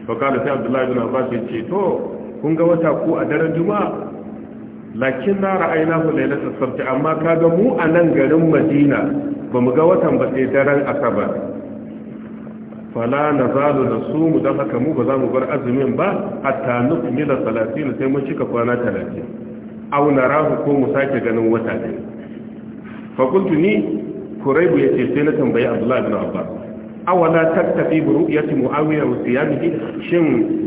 faƙalu sai abdullahi bin abbas sai ce to kun ga wata ko a daren juma'a lakin na ra'ayina ku lailatul sabti amma kaga mu a nan garin madina bamu ga watan ba sai daren asabar fala na zalu da su mu don haka mu ba za mu bar azumin ba hatta da talatin sai mun cika kwana talatin au na rahu ko mu sake ganin wata ne. fakultu ni kuraibu ya ce sai na tambayi abdullahi ibn abbas awala tattafi bi ru'yati muawiya wa siyamihi shin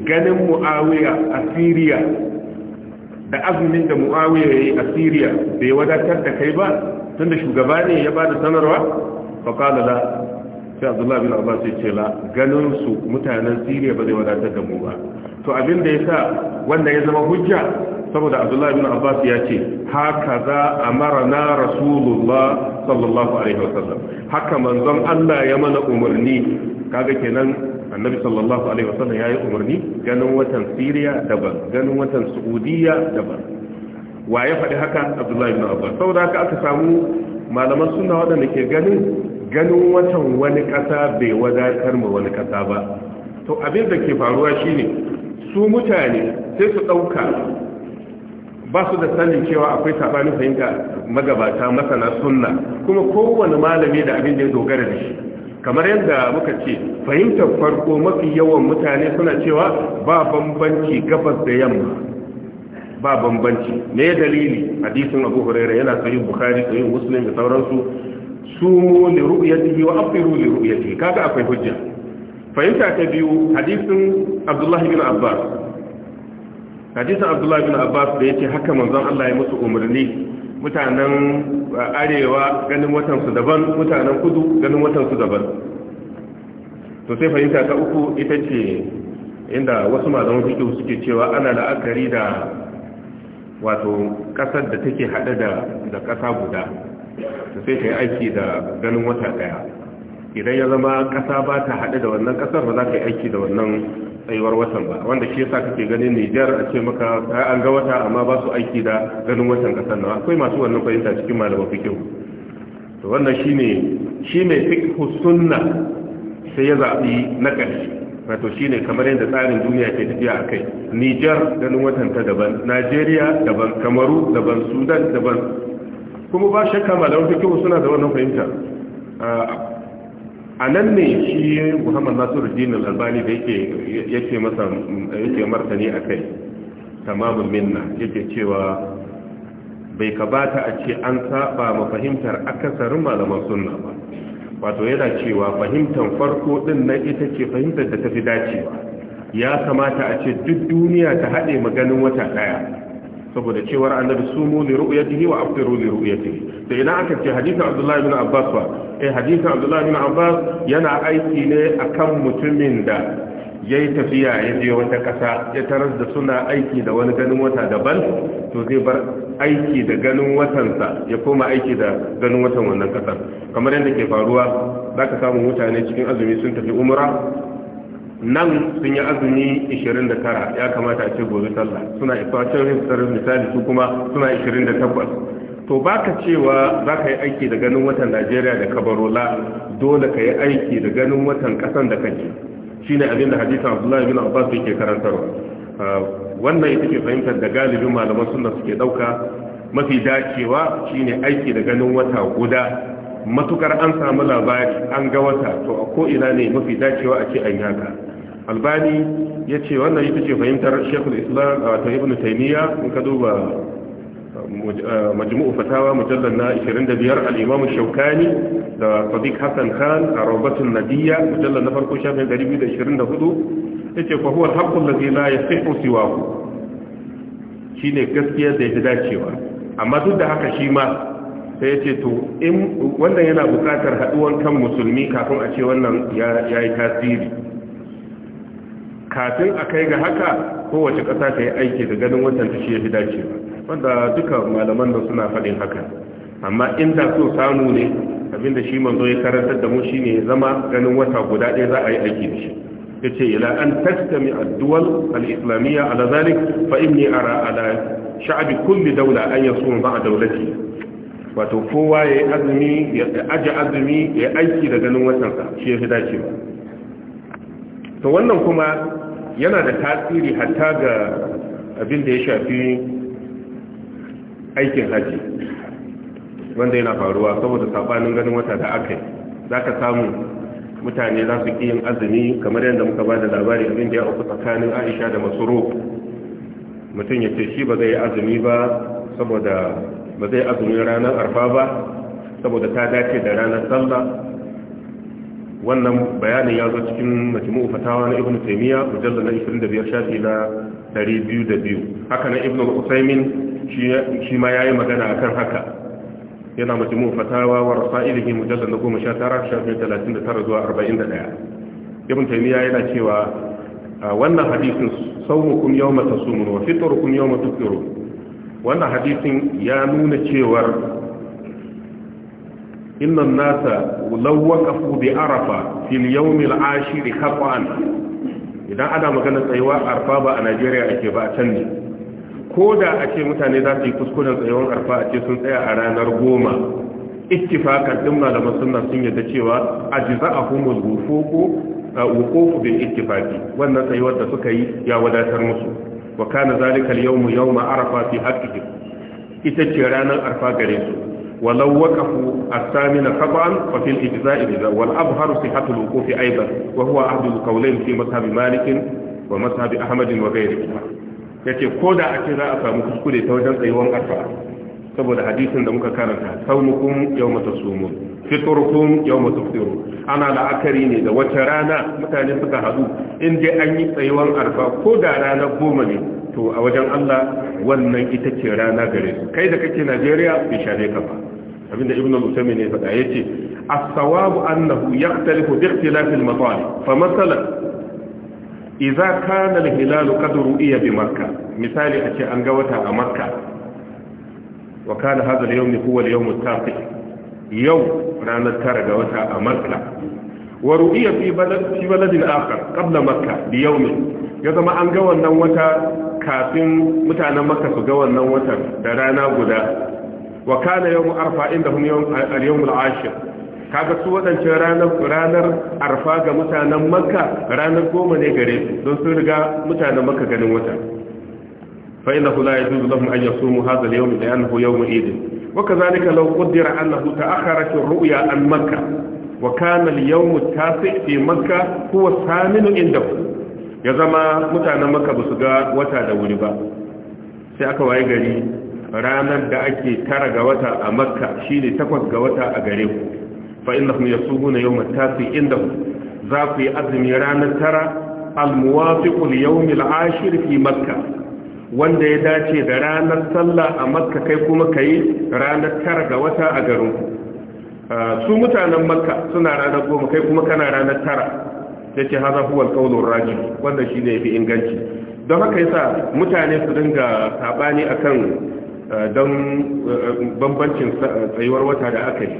ganin muawiya a siriya da azumin da muawiya yayi a siriya bai wadatar da kai ba tunda shugaba ne ya bada sanarwa fa qala la sai abdullahi bin abbas ya ce la ganin su mutanen siriya ba zai wadatar da mu ba to abin da ya sa wanda ya zama hujja saboda abdullahi bin abbas ya ce haka za a mara na rasulullah sallallahu alaihi wasallam haka manzon allah ya mana umarni kaga kenan annabi sallallahu alaihi wasallam ya yi umarni ganin watan siriya daban ganin watan saudiya daban wa ya faɗi haka abdullahi bin abbas saboda haka aka samu malaman suna waɗanda ke ganin ganin watan wani ƙasa bai wadatar ma wani ƙasa ba to abin da ke faruwa shine su mutane sai su ɗauka ba su da sanin cewa akwai sabanin fahimta magabata masana sunna kuma kowane malami da abin da ya dogara da shi kamar yadda muka ce fahimtar farko mafi yawan mutane suna cewa ba bambanci gabas da yamma ba bambanci me dalili hadisin abu hurairah yana sahih bukhari sahih muslim da sauransu su li ru'yatihi wa afiru li ru'yatihi kaga akwai hujja fahimta ta biyu hadisin abdullahi bin abbas hadisin abdullah bin abbas da yake haka manzon Allah ya musu umarni mutanen arewa ganin watansu daban mutanen kudu ganin watansu daban to sai fahimta ta uku ita ce inda wasu malaman fikihu suke cewa ana la'akari da wato kasar da take hada da da kasa guda to sai yi aiki da ganin wata daya idan ya zama kasa ba ta hada da wannan kasar ba za ka yi aiki da wannan tsayuwar watan ba wanda shi yasa kake ganin Niger a ce maka an ga wata amma ba su aiki da ganin watan kasar nan akwai masu wannan fahimta cikin malaman fikihu to wannan shine shi mai fiqh sai ya zaɓi na ƙarshe wato shine kamar yadda tsarin duniya ke tafiya a kai nijar ganin watan ta daban najeriya daban kamaru daban sudan daban kuma ba shakka malamin fikihu suna da wannan fahimta a nan ne shi muhammad nasiru dinin albani da yake masa yake martani a kai tamamin minna yake cewa bai kabata a ce an saba mafahimtar akasarin malaman suna ba wato yana cewa fahimtar farko din nan ita ce fahimtar da ta fi dacewa ya kamata a ce duk duniya ta haɗe maganin wata ɗaya saboda cewar annabi sumu li ru'yatihi wa aftiru li ru'yatihi da idan aka ce hadisin abdullahi bin Abbas wa eh hadisin abdullahi bin Abbas yana aiki ne akan mutumin da ya yi tafiya ya je wata ƙasa ya taras da suna aiki da wani ganin wata daban to zai bar aiki da ganin watansa ya koma aiki da ganin watan wannan ƙasar kamar yadda ke faruwa za ka samu mutane cikin azumi sun tafi umura nan sun yi azumi 29 ya kamata a ce gobe sallah suna ifacin hifsar misali su kuma suna 28 to baka cewa za ka yi aiki da ganin watan najeriya da kabarola dole ka yi aiki da ganin watan ƙasan da kake shine abin da hadisin Abdullahi ibn Abbas yake karantarwa ah, wannan ita ce fahimtar da galibin malaman sunna suke dauka mafi dacewa shine aiki da ganin wata guda matukar an samu labari an ga wata to a ko ina ne mafi dacewa a ce an yaka albani ya ce wannan ita ce fahimtar shekul islam a ah, ta ibn taymiya in ka duba majmu'u fatawa mujallal na 25 al-imam shaukani da sadiq hasan khan a rawbatul nadiyya mujallal na farko shafin 224 yace fa huwa al-haqqu alladhi la yasihu siwahu shine gaskiya da yafi dacewa amma duk da haka shi ma sai yace to in wannan yana bukatar haduwan kan musulmi kafin a ce wannan ya yi tasiri kafin a kai ga haka kowace ƙasa ta yi aiki da ganin watan ta shi ya fi dacewa wanda duka malaman da suna faɗin haka amma inda so samu ne abinda shi manzo ya karantar da mu shine ne zama ganin wata guda ɗaya za a yi aiki da shi ya ila an tajtami ad-duwal al-islamiyya ala zalik fa inni ara ala sha'abi kulli dawla an yasum ba'a dawlati wato kowa yayi azumi ya aje azumi ya aiki da ganin watan sa shi ya dace to wannan kuma yana da tasiri hatta ga abin da ya shafi aikin haji wanda yana faruwa saboda sabanin ganin wata da aka yi za ka samu mutane za su yin azumi kamar yadda muka ba da labari abin da ya uku tsakanin aisha da masoro mutum ya ce shi ba zai yi azumi ba saboda ba zai azumi ranar arfa ba saboda ta dace da ranar sallah wannan bayanin ya zo cikin majmu'u fatawa na ibnu taymiya mujalla na 25 shafi na 202 haka na ibnu usaymin shi ma yayi magana akan haka yana majmu'u fatawa wa rasailihi mujalla na 19 shafi 39 zuwa 41 ibnu taymiya yana cewa wannan hadisin sawmukum yawma tasumun wa fitrukum yawma tufṭirun wannan hadisin ya nuna cewar innan nasa lawwaqafu bi arafa fil yawmil ashir khata'an idan ana magana tsayuwa arfa ba a Najeriya ake ba a can ne ko da a ce mutane za su yi kuskuren tsayuwar arfa a ce sun tsaya a ranar goma ittifakan din malaman sunna sun yadda cewa ajza'ahumul wufuqu wuqufu bil ittifaqi wannan tsayuwar da suka yi ya wadatar musu wa kana zalika al-yawmu yawma arafa fi haqqihim ita ce ranar arfa gare su ولو وقفوا الثامن خطا ففي الاجزاء اذا والاظهر صحه الوقوف ايضا وهو احد القولين في مذهب مالك ومذهب احمد وغيره يتي كودا اكي ake za a samu ايوان ta saboda hadisin da muka karanta saumukum yawma tasumun fitrukum yawma tuftiru ana la'akari ne da wata rana mutane suka hadu in dai an yi tsayuwar arfa ko da rana goma ne to a wajen Allah wannan ita ce rana gare su kai da kake Najeriya bai shafe ka ba abinda ibnu al ne faɗa yace as-sawabu annahu yaktalifu bi ikhtilafi al-matalib fa masalan idza kana al-hilal qad ru'iya bi makkah misali a ce an ga wata a makkah wa kana hadha al-yawm huwa al-yawm al-taqi yau ranar tara ga wata a makka wa ru'iya fi balad fi baladin akhar qabla makka bi yawmin ya zama an ga wannan wata kafin mutanen makka su ga wannan watan da rana guda wa kana yawm arfa indahum yawm al-yawm al-ashir kaga su waɗancan ranar ranar arfa ga mutanen makka ranar goma ne gare su don sun riga mutanen makka ganin wata فإنه لا يجوز لهم أن يصوموا هذا اليوم لأنه يوم عيد وكذلك لو قدر أنه تأخرت الرؤيا عن مكة وكان اليوم التاسع في مكة هو الثامن عنده ya zama mutanen maka ba su ga wata da wuri ba sai aka waye gari ranar da ake tara ga wata a makka shine takwas ga wata a gare ku fa da kuma ya suhu na yau inda ku za ku yi azumi ranar tara al almuwafiƙul yau mil'ashir fi makka wanda ya dace da ranar sallah a makka kai kuma ka yi ranar tara ga wata a garin ku. Ah, su mutanen makka suna ranar goma kai kuma kana ranar tara ya ce haza huwal kaunar raji wanda shi ne fi inganci don haka yasa mutane su dinga sabani kan ah, don ah, bambancin tsayuwar wata da aka yi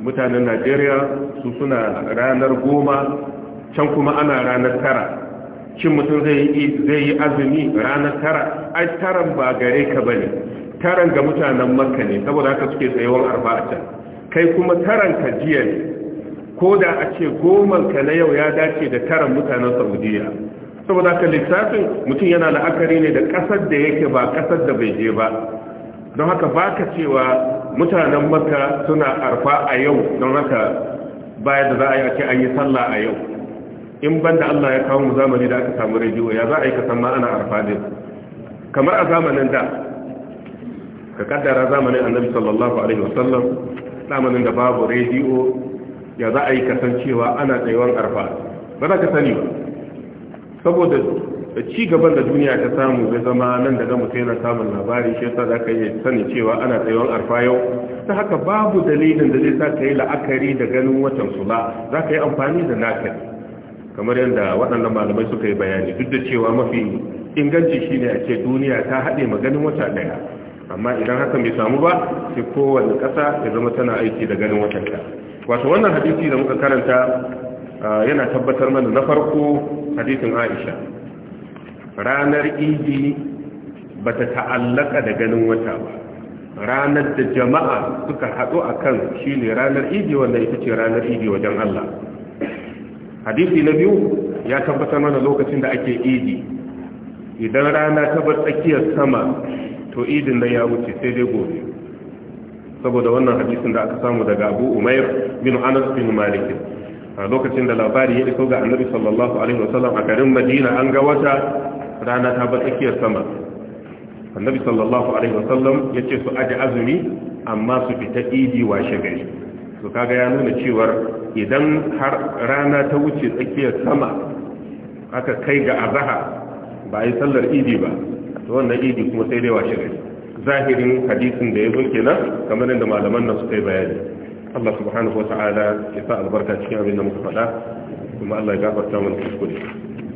mutanen najeriya su suna ranar goma can kuma ana ranar tara shin mutum zai yi azumi ranar tara ai taran ba gare ka bane taran ga mutanen makka ne saboda haka suke tsayawar arba can kai kuma taran ka jiya ne ko da a ce goman ka na yau ya dace da taran mutanen saudiya saboda haka lissafin mutum yana la'akari ne da ƙasar da yake ba ƙasar da bai je ba don haka ba ka cewa mutanen maka suna arfa a yau don haka baya da za a yi a ce an yi sallah a yau in banda Allah ya kawo mu zamani da aka samu rediyo ya za a yi ka san ma ana arfadin kamar a zamanin da ka kaddara zamanin annabi sallallahu alaihi wasallam zamanin da babu rediyo ya za a yi cewa ana tsayuwan arfa ba za ka sani ba saboda da ci gaban da duniya ta samu bai zama nan da zamu kai na samun labari shi yasa zaka yi sani cewa ana tsayuwar arfa yau ta haka babu dalilin da zai sa ka yi la'akari da ganin watan sula za ka yi amfani da naka kamar yadda waɗannan malamai suka yi bayani duk da cewa mafi inganci ne a ce duniya ta haɗe maganin wata ɗaya amma idan hakan bai samu ba sai kowane ƙasa ya zama tana aiki da ganin watan ta wato wannan hadisi da muka karanta yana tabbatar mana na farko hadisin Aisha ranar idi ta ta'allaka da ganin wata ba ranar da jama'a suka haɗu a kan shi ranar idi wanda ita ce ranar idi wajen Allah hadisi na biyu ya tabbatar mana lokacin da ake idi idan rana ta bar tsakiyar sama to idin da ya wuce sai dai gobe saboda wannan hadisin da aka samu daga abu umair bin anas bin malik a lokacin da labari ya iso ga annabi sallallahu alaihi wasallam a garin madina an ga wata rana ta bar tsakiyar sama annabi sallallahu alaihi wasallam ya ce su aje azumi amma su fita idi washe gari to kaga ya nuna cewar idan har rana ta wuce tsakiyar sama aka kai ga azaha ba yi sallar idi ba to wannan idi kuma sai dai washe gari zahirin hadisin da ya zo kenan kamar yadda malaman nan suka yi bayani Allah subhanahu wa ta'ala ya sa albarka cikin abin da muka faɗa kuma Allah ya gafarta mana kuskure